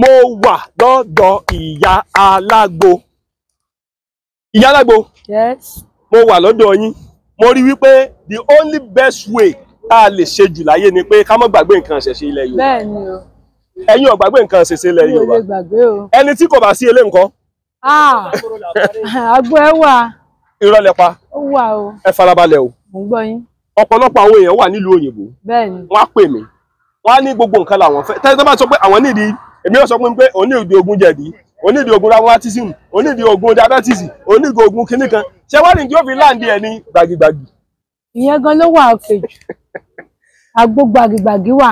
mo wà lọ́dọ̀ ìyá alágbo ìyá alágbo yes mo wà lọ́dọ̀ yín mo rí wípé the only best way tá a lè ṣe jù láyé ni pé ká má gbàgbé nǹkan ṣẹ̀ṣe ilẹ̀ Yorùbá bẹ́ẹ̀ ni o ẹ̀yin ò gbàgbé nǹkan ṣẹ̀ṣe ilẹ̀ Yorùbá ẹni tí kò bá sí ilé nǹkan. Ah, àgbo ẹ wà. irọ́ lẹ pa ó wà o ẹ farabalẹ̀ o mo gbọ́ yín. ọ̀pọ̀lọpọ̀ àwọn èèyàn wà nílùú òyìnbó bẹ́ẹ̀ ni wọ́n á pè mí wọ́n á ní gbogbo nǹkan làwọn fẹ́ tẹ́lẹ̀ bá sọ pé àwọn nídìí èmi yóò sọ fún mi pé òní ìdí ogun jẹ̀dí òní ìdí ogun rheumatism òní ìdí ogun diabetes òní ìdí ogun kinní kan ṣé wọ́n ní tí ó fi láǹdí ẹ̀ ní gbagigbagi. ìyẹn gan ló wà òkèjù àgbo gbagigbagi wà.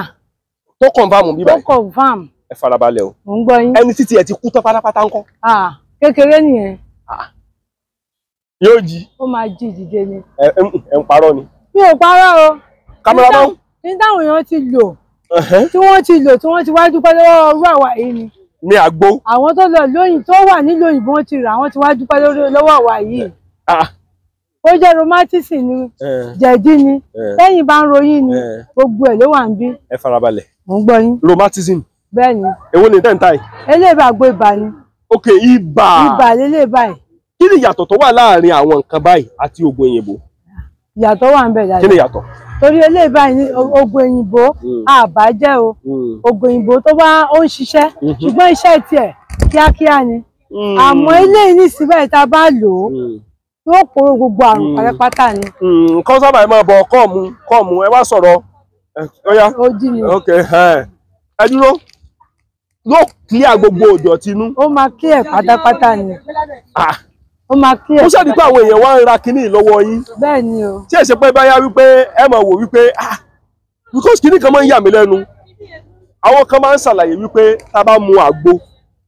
tó confam bíbá yìí tó confam. ẹ farabalẹ̀ o. mo ń gbọ́ yín. ẹni títí ẹ ti kú tán pátápátá ńkọ́. kékeré nìyẹn. Ah. yóò jí. ó máa jí ìdíje ni. ẹ ń parọ́ ni. mi ò parọ́ o. kámẹ́rà máa ń. ní táwọn ti lò tí wọ́n ti lò tí wọ́n ti wá dúpẹ́ lọ́wọ́ ọrú àwa yìí ni. ní àgbo. àwọn tó lọ lóyìn tó wà nílò ìbò wọn ti rà àwọn ti wá dúpẹ́ lọ́wọ́ àwa yìí. Ah. ó jẹ́ romatisi ni jẹ̀dí ni lẹ́yìn bá ń ròyìn ni gbogbo ẹ̀ ló wà ń bí. ẹ farabalẹ̀. mo ń gbọ́ yín. romatism. bẹ́ẹ̀ ni. èwo ni tẹ́ǹtà yìí. eléyìí bá gbé ibà ni. ok ibà. ibà lélẹ̀ báyìí. kí ni ìyàtọ̀ tó wà láàárín àwọn nǹkan báyìí àti oògùn òyìnbó? ìyàtọ̀ wà ń bẹ dáadáa. kí ni ìyàtọ̀? torí eléyìí báyìí oògùn òyìnbó hmm. àbájẹ o hmm. oògùn òyìnbó tó bá ó ń ṣiṣẹ́ hmm. ṣùgbọ́n iṣẹ́ tiẹ̀ kíákíá ni àmọ́ eléyìí ní síbẹ̀ tá a bá lò ó yóò kóró gbogbo àrùn pátápátá ni. nǹkan sábà máa bọ kọ́ọ̀mù kọ́ọ̀mù ẹ wá sọ̀rọ̀ ọ̀yá ẹ dúró yóò kílíà gbogbo òdò tinú. ó máa kí ẹ pátápátá ni. Ah ó máa kí ẹ̀. ó ṣàdí pé àwọn èèyàn wá ń ra kinní lọ́wọ́ yín. bẹ́ẹ̀ ni o. tí èsì pé báyá wípé ẹ máa wò wípé ah because kinní kan máa ń yà mí lẹ́nu àwọn kan máa ń ṣàlàyé wípé tá a bá mu àgbo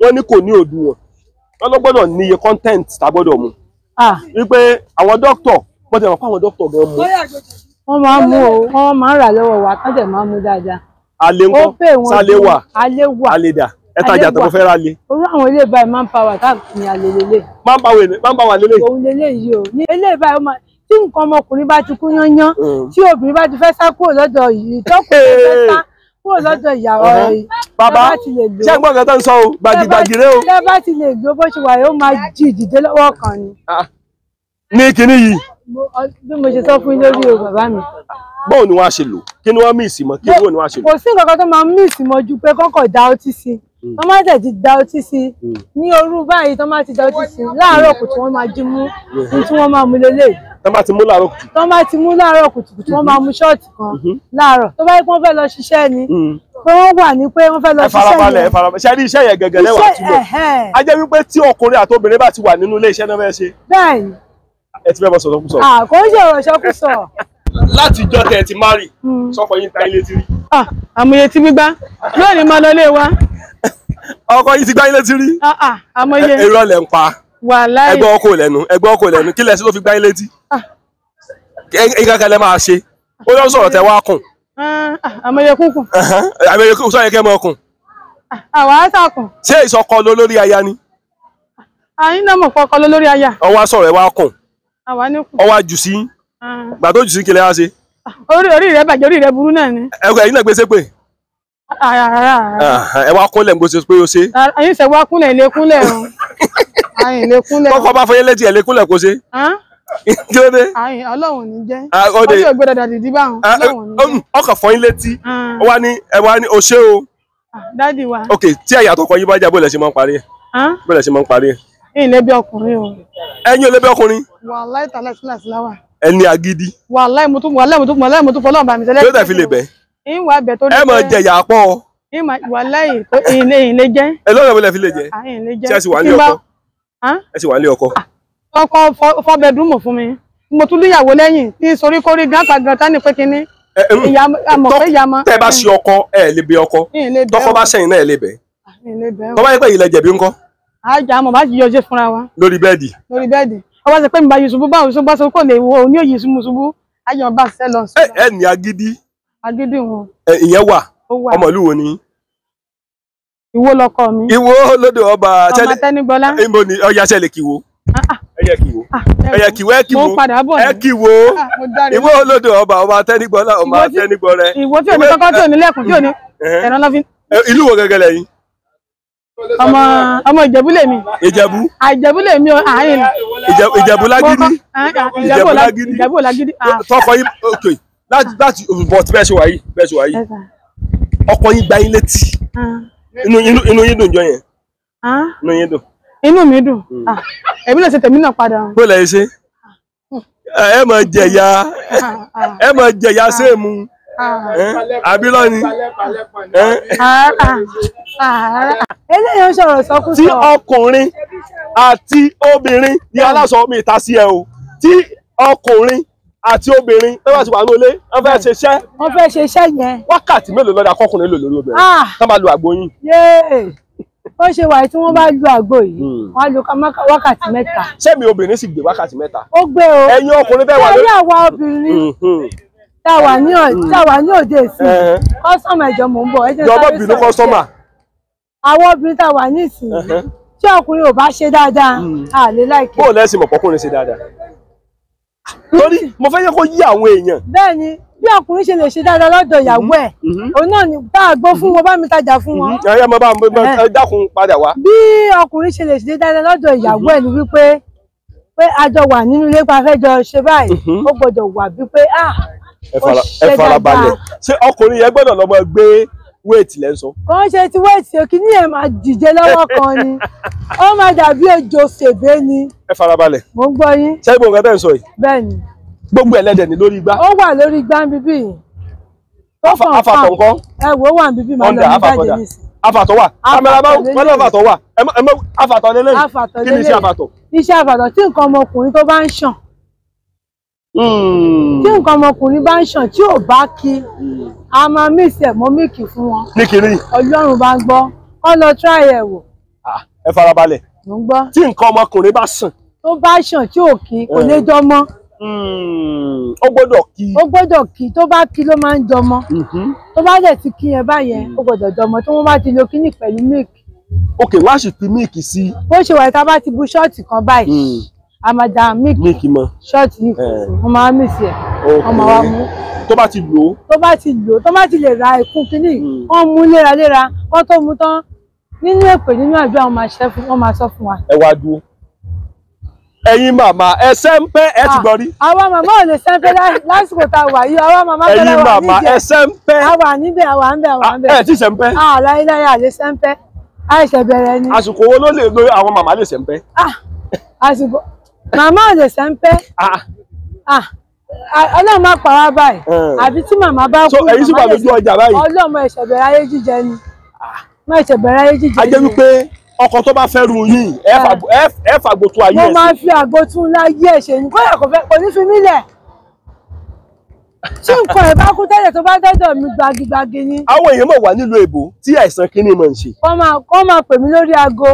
wọn ní kò ní òdiwọ̀n wọn ló gbọ́dọ̀ ní iye content tá a gbọ́dọ̀ mu. Ah. wípé àwọn dókítọ̀ wọ́n ti mọ̀ fáwọn dókítọ̀ gan mu. wọ́n máa ń mú o wọ́n máa ń rà lọ́wọ́ wa tọ́jà máa ń mú dáadáa. àlè ńkọ́ sálé wà àlè dà ẹ tajà tó fẹ́ ra lé. orú àwọn ilé báyìí máa ń pa wà káàkiri àlè lélẹ̀. máa ń pa wà máa ń pa wà lélẹ̀. òun lélẹ̀ yìí o ní ilé báyìí máa tí nǹkan ọmọkùnrin bá ti kú yányán mm. tí obìnrin bá ti fẹ́ sá kúrò lọ́dọ̀ yìí tọ́kùnrin fẹ́ sá kúrò lọ́dọ̀ ìyàwó uh-huh. rẹ̀ bàbá ṣé ń gbọ́ nǹkan tó ń sọ o gbàgìgbàgì rẹ o. tẹ́ bá ti lè gbó bó ṣe wà yóò máa jí ìdìde lọ́wọ́ kan ni. Ah. ní kinní yìí bí mo ṣe sọ fún yín lórí o bàbá mi. báwo ni wọ́n á ṣe lò kí ni wọ́n míìsì mọ́ kí wọ́n ni wọ́n á ṣe lò. kò sí nǹkan kan tó máa ń míìsì mọ́ ju pé kọ́kọ́ da ọtí sí i hmm. wọ́n máa tẹ̀ ti da ọtí sí i hmm. ní òru báyìí tó máa ti da ọtí sí i láàárọ̀ kùtù wọ́n máa jí mú ní tí wọ́n máa mú lélẹ́yìí tán bá ti mú láàárọ̀ kùtù. tán bá ti mú láàárọ̀ kùtùkùtù wọ́n máa mú ṣọ́ọ̀tì kan hmm. láàárọ̀ tó bá yẹ kí wọ́n fẹ́ lọ ṣiṣẹ́ ni pé wọ́n wà ní pé wọ́n fẹ́ lọ ṣiṣẹ́ yẹn. ẹ farabalẹ̀ ẹ farabalẹ̀ ṣe rí iṣẹ́ yẹn gẹ́gẹ́ lẹ́wà túbọ̀ a wípé tí ọkùnrin àti obìnrin bá ti wà nínú ilé iṣẹ́ náà fẹ́ ṣe. bẹ́ẹ̀ni ẹ ti fẹ́ bọ́ sọ̀rọ̀ kúsọ̀. à ah, kò ń ṣe ọ̀rọ̀ ṣọkúsọ. láti ìjọ tẹ ẹ ti má rì sọkọ yín ta ilé ti rí. Ah, àmọye tí gbígbá yóò ní máa lọ lé wa. ọkọ yìí ti gbá ilé ti rí. Ah, àmọye irọ́ lẹ̀ ń pa wàláì ọkọ lẹ́nu ẹgbẹ́ ọkọ lẹ́nu kí lẹ̀ ló fi gbá ilé tí ìkankanlẹ̀ máa ṣe ó lọ sọ̀rọ̀ tẹ wá kùn. àmọye kúnkùn. àmọye kúnkùn sọ yẹ kẹ́ mọ ọkùn. àwa sàkùn. ṣé ìsọkọ ni. àyín náà mọ̀ pọ̀ ọkọ ló lórí aya ọwọ́ àjù sí ah. gbà tó jù sí kílẹ̀ wá ṣe. Ah, orí orí rẹ bàjẹ́ orí rẹ burú náà ni. ẹ kọ ẹ̀yin náà gbèsè pé. Ah, ẹ wá kúnlẹ̀ ń gbèsè pé o ṣe. ẹ̀yin sẹ wá kúnlẹ̀ ilé kúnlẹ̀ o àyìn lè kúnlẹ̀. kọ́kọ́ bá fọyín létí ẹ̀ lè kúnlẹ̀ kó ṣe. kí ló dé. àyìn ọlọ́run ní jẹ́ ọjọ́ ògbé dada dìdí bá wọn ọlọ́run ní jẹ́. ọkàn fọyín létí ó wá ní ẹ wá ní o ṣé o. dádì wa. ok tí ẹ̀yà àtọkọ yín bá jà bó lẹ̀ ṣe máa ń parí ẹ̀. bó lẹ̀ ṣe máa ń parí ẹ̀ ìlẹ́bí ọkùnrin o. ẹ̀yin olẹ́bí ọkùnrin. wàláì tàlẹ́ sílẹ̀ sílẹ̀ wà. ẹni agídí. wàláì mo tún wàláì mo tún wàláì mo tún fọlọ́ bàmí sẹ́lẹ̀. yóò tẹ̀ fi lè bẹ̀. ìwà bẹ̀ tó lè jẹ́. ẹ mọ̀ jẹ̀yà pọ̀. ìmọ̀ wàláì ìlẹ̀ ìlẹ̀ jẹ́. ẹ lọ́dọ̀ mi lẹ fi lè jẹ́. Ah, ṣé ẹ sì wà ní ọkọ. ẹ sì wà ní ọkọ. Ah, ọkọ fọbẹdúmọ̀ fún mi mo tún níyàwó lẹ́yìn tí sorí kórí gánpa gàntá ní pé kinní. tẹ bá ṣe ọkọ ẹ lè bẹ ọkọ tọkọ bá ṣẹyìn náà ẹ ah, lè bẹ tọ́ bá yẹ pé ìlẹ̀ jẹ̀bi ńkọ́ àjà mọ̀ bá ti yọjẹ́ fúnra wa. lórí bẹ́ẹ̀dì. lórí bẹ́ẹ̀dì wọ́n bá ṣe pé mi bá yusufu báwo yusufu bá sọ kò lè wo òní òyì yusufu àjà mọ̀ bá ṣiṣẹ́ lọ. ẹ ẹ ní agídí. agídí wọn. ẹ ìyẹn wà ọmọ ìlú wo ni. ìwo lọkọ mi. ìwo lóde ọba ọmọ tẹnigbọlá. ìbò ni ọya ṣẹlẹ kìwo. ẹyẹ ah, kìwo ah. ẹyẹ kìwo ẹ kìwo ah, ẹ kìwo ìwo lóde ọba ọba tẹnigbọlá ọmọ tẹnigbọrẹ. ìwo tí ò ní kọ́kọ́ tí ò ní lẹ́kùn tí ò ní ìlú wo gẹ́gẹ́ lẹ́yìn ọmọ ọmọ ìjẹ̀bú lèmi. ìjẹ̀bú. àìjẹ̀bú lèmi o àárín. ìjẹ̀bú lágídí. ìjẹ̀bú lágídí. ìjẹ̀bú lágídí. tọkọ yín ok láti láti but bẹ́ẹ̀ ṣe wà yìí bẹ́ẹ̀ ṣe wà yìí ọkọ yín gba yín létí inú yín dùn jọ yẹn inú yín dùn. inú mi dùn hmm. èmi lè ṣe tèmi náà padà. bó lè ṣe ẹ mọ jẹ̀yà ẹ mọ jẹ̀yà séèmù. Ah. Eh? àbí lọ́ni. Eh? Ah. eléyìí ń sọ̀rọ̀ sọkúsọ. tí ọkùnrin àti obìnrin ní eh. aláṣọ mi ìta sí ẹ o tí ọkùnrin àti obìnrin tó bá ti wà ní ilé wọn fẹ́ ṣe iṣẹ́. wọn fẹ́ ṣe iṣẹ́ yẹn. wákàtí mélòó lọ́dà kọkùnrin lò lórí obìnrin ah. tó bá lu àgbo yín. ó ṣe wàyí tí wọ́n bá lu àgbo yìí hmm. wọ́n á lo wákàtí mẹ́ta. sẹ́mi obìnrin sì gbé wákàtí mẹ́ta. ó gbé o ẹ̀yin ọkùnrin bẹ́ẹ̀ wà lórí. ẹ̀yin àwa obìnrin. Hmm, hmm táwa ní mm. táwa ní òde ìsìn kọ́sọ́mà ìjọ mò ń bọ̀ ẹ jẹ́ sáré sọ̀rọ̀ jọ̀ọ́ bínú kọ́sọ́mà. àwọn obìnrin táwa ní ìsìn uh-huh. tí ọkùnrin ò bá ṣe dáadáa mm. a láìkẹ́. bó o lẹ́sìn mọ̀ pọ́kùnrin ṣe dáadáa. torí mo fẹ́ yẹ kó yí àwọn èèyàn. bẹ́ẹ̀ni bí ọkùnrin ṣe lè ṣe dáadáa lọ́dọ̀ mm-hmm. ìyàwó ẹ̀ mm-hmm. òun náà ni bá a gbọ́ fún wọn bá mi tajà fún wọn. ẹyẹ mm-hmm. mo bá eh. ẹ dákun padà wá. bí ọkùnrin ṣe lè ṣe dáadáa lọ́dọ̀ ìyàwó ẹ̀ ni wípé pé a jọ wà nínú ilé pa fẹ́ jọ ṣe báyìí ó gbọ́dọ̀ wà bí pé ah ẹ farabalẹ̀ ṣé ọkùnrin yẹn gbọ́dọ̀ lọ́mọ gbé wéètì lẹ́ ń sọ. kò ń ṣe ti wéètì òkì ní ẹ̀ máa dìje lọ́wọ́ kan ni ó máa dàbí ejò ṣèbé ni. ẹ farabalẹ̀. mo ń gbọ́ yín. ṣé gbogbo nǹkan tẹ́ ń sọ yìí. bẹ́ẹ̀ ni. gbogbo ẹlẹ́dẹ̀ ni lórí igbá. ó wà lórí igbá bíbí yìí. tó fọ̀ fà àfàtọ̀nkọ́. ẹ wo wà bíbí máa lọ ní jáde nísìnyí afatọ wa kamẹrama wọn náà afatọ wa afatọ lélẹyìn kí ni iṣẹ́ afatọ. iṣẹ́ afatọ tí nǹkan ọmọkùnrin tó bá ń ṣàn Hmm. tí nǹkan ọmọkùnrin bá ń ṣàn tí ò bá kí a máa mísì ẹ̀ mọ́ míìkì fún wọn ní kiri ọlọ́run bá ń gbọ́ kọ́ lọ try ẹ̀ wò. ẹ farabalẹ̀ tí nǹkan ọmọkùnrin bá sàn. tó bá ṣàn tí ò kí kò lè dánmọ́. Hmm. Hmm. ó gbọ́dọ̀ kí. ó gbọ́dọ̀ kí tó bá kí ló máa ń dánmọ́ tó bá dẹ̀ ti kí yẹn báyẹn ó gbọ́dọ̀ dánmọ́ tó wọ́n bá ti lo kíní pẹ̀lú míìkì. ok wá sì fi míìkì sí. bó ṣe wà tá a bá ti bu ṣọ́ọ̀tì kan báyìí a máa da míìkì mọ́ ṣọ́ọ̀tì yìí wọ́n máa mí sí ẹ̀ wọ́n máa tó bá ti lò ó. tó bá ti lò ó tó bá ti lè ra ìkún kínní hmm. wọ́n mú léraléra wọ́n tó mú tán nínú èpè nínú àdúrà wọ́n máa ṣẹ́ fún wọ́n máa sọ fún wa. ẹ wá dúró ẹ̀yin màmá ẹ sẹ́ńpẹ́ ẹ ti ah, gbọ́ rí. àwa màmá ò lè sẹ́ńpẹ́ lásìkò tá a wà yìí àwa màmá fẹ́lẹ́ wà nídìí. ẹ̀yin màmá ẹ sẹ́ńpẹ́. a wà níbẹ̀ a wà níbẹ̀ a wà níbẹ̀. Ah, ẹ ti sẹ́ńpẹ́. Ah, a láyéláyé àlè sẹ́ńpẹ́ àìṣẹ̀ bẹ̀rẹ̀ ni. àsìkò wo ló lè lo àwọn màmá lè sẹ́ńpẹ́. àsìkò màmá ọ̀dẹ̀ sẹ́ńpẹ́ ah, ah. ah, ọlọ́run má pa wá báyìí eh. àbí tí màmá bá kú ọlọ́run ẹ̀ṣẹ̀ bẹ̀rẹ̀ ayé jíjẹ ni má ẹ̀ṣẹ̀ bẹ̀rẹ̀ ayé jíjẹ ni. a jẹ́ wípé ọkọ tó bá fẹ́ ru yín ẹ eh. fàgbó tó ayé ẹ̀ sí. mo máa fi àgbo tún láyé ẹ̀ ṣe ni kóyà kò fẹ́ kò ní fi mí lẹ̀ tí nǹkan ẹ̀ bá kú tẹ́lẹ̀ tó bá dọ́dọ̀ mi gbagigbagi ni. àwọn èèyàn mọ̀ wá nílùú èbó tí àìsàn kínní mọ̀ ń ṣe. kọ́ máa pè mí lórí aago.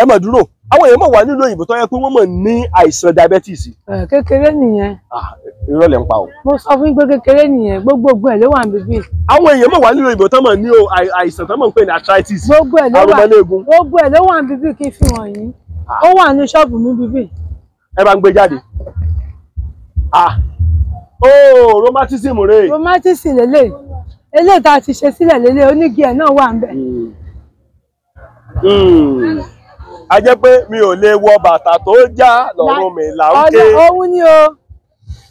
ẹ mọ̀ dúró àwọn èèyàn mọ̀ wá nílò òyìnbó tó yẹ pé wọ́n mọ̀ ní àìsàn diabetes. kékeré nìyẹn. Ah, irọ́ lẹ̀ ń pa o. mo sọ fún pé kékeré nìyẹn gbogbogbò ẹ̀ ló wà níbí. àwọn èèyàn mọ̀ wá nílò òyìnbó tó mọ̀ ní àìsàn tó mọ̀ ń pè ní arthritis. gbogbo ẹ̀ ló wà arúgbálẹ́gùn. gbogbo ẹ̀ ló wà níbí kí n fi hàn yín. Ah. ó wà ní ṣọ́ọ̀bù mi bíbí. ẹ bá ń gbé jáde. oh romanticism rè. romanticism lélẹ̀ eléyìí tá a ti ṣe sílẹ̀ lélẹ̀ onígi ẹ̀ náà wà ń bẹ̀. Hmm. Hmm a jẹ́ pé mi ò lè wọ bàtà tó já lọ́rùn mi là ń ni o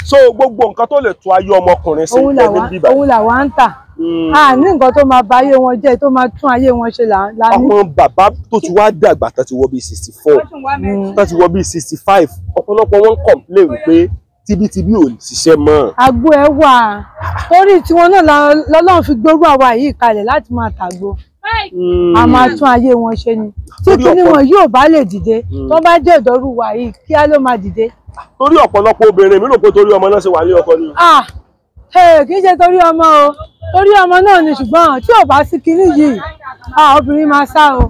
so gbogbo nǹkan tó lè tún ayé ọmọkùnrin sí ẹni bíbá òun làwa ń tà hmm. a ní nǹkan tó máa ba ayé wọn jẹ́ tó máa tún ayé wọn ṣe là ní. àwọn bàbá tó ti wá dàgbà tó ti wọ bíi sixty four tó ti wọ bíi sixty five ọ̀pọ̀lọpọ̀ wọn ń kọ̀m̀plé wípé tibítibí ò ṣiṣẹ́ mọ́. àgbo ẹ wà torí tiwọn náà lọ́lọ́run fi gbórú àwa yìí kalẹ̀ láti máa tàgbo. Hmm. a máa tún ayé wọn ṣe ni tí kíní wọn yóò bá lè dìde hmm. tó bá jẹ́ ìdọ́rù wà yìí kí á ló máa dìde. torí ọ̀pọ̀lọpọ̀ obìnrin mi rò pé torí ọmọ náà ṣe wà ní ọkọ ni. kì í ṣe torí ọmọ o torí ọmọ náà ni ṣùgbọ́n tí ò bá sí kíní yìí obìnrin máa sá o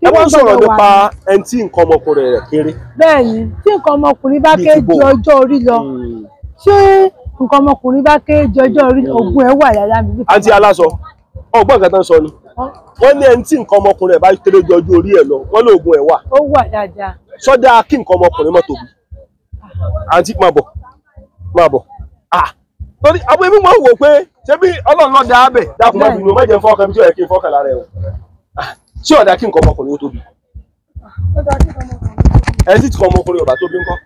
ẹ wá sọ̀rọ̀ nípa ẹni tí nǹkan ọmọkùnrin rẹ̀ kéré. bẹ́ẹ̀ni tí nǹkan ọmọkùnrin bá ké ju ọjọ́ orí lọ hmm. ṣé nǹkan ọmọkùnrin bá ké ju ọjọ́ orí ogun ẹ̀ wà yàyà mi. àǹtí aláṣọ ọgbọ́n nǹkan tán sọ ni wọ́n ní ẹni tí nǹkan ọmọkùnrin ẹ̀ bá kéré ju ọjọ́ orí ẹ̀ lọ wọ́n ní oògùn ẹ̀ wà. ó wà dáadáa. sọ́dà kí nǹkan ọmọkùnrin mọ́ tóbi àǹtí máa bọ̀ máa bọ̀ torí àwọn ẹbí máa ń wò pé ṣebí ọlọ́run lọ́ọ́ dáa bẹ̀ dákun máa bínú mẹ́jẹ fọ́ọ̀kan bí tí ó yẹ kí n fọ́ọ̀kan lára ẹ̀ o ṣé ọ̀dà kí nǹkan ọmọkùnrin ó tóbi ẹ̀ sì ti kọ́ ọmọkùnrin ọ̀bà tóbi ńkọ́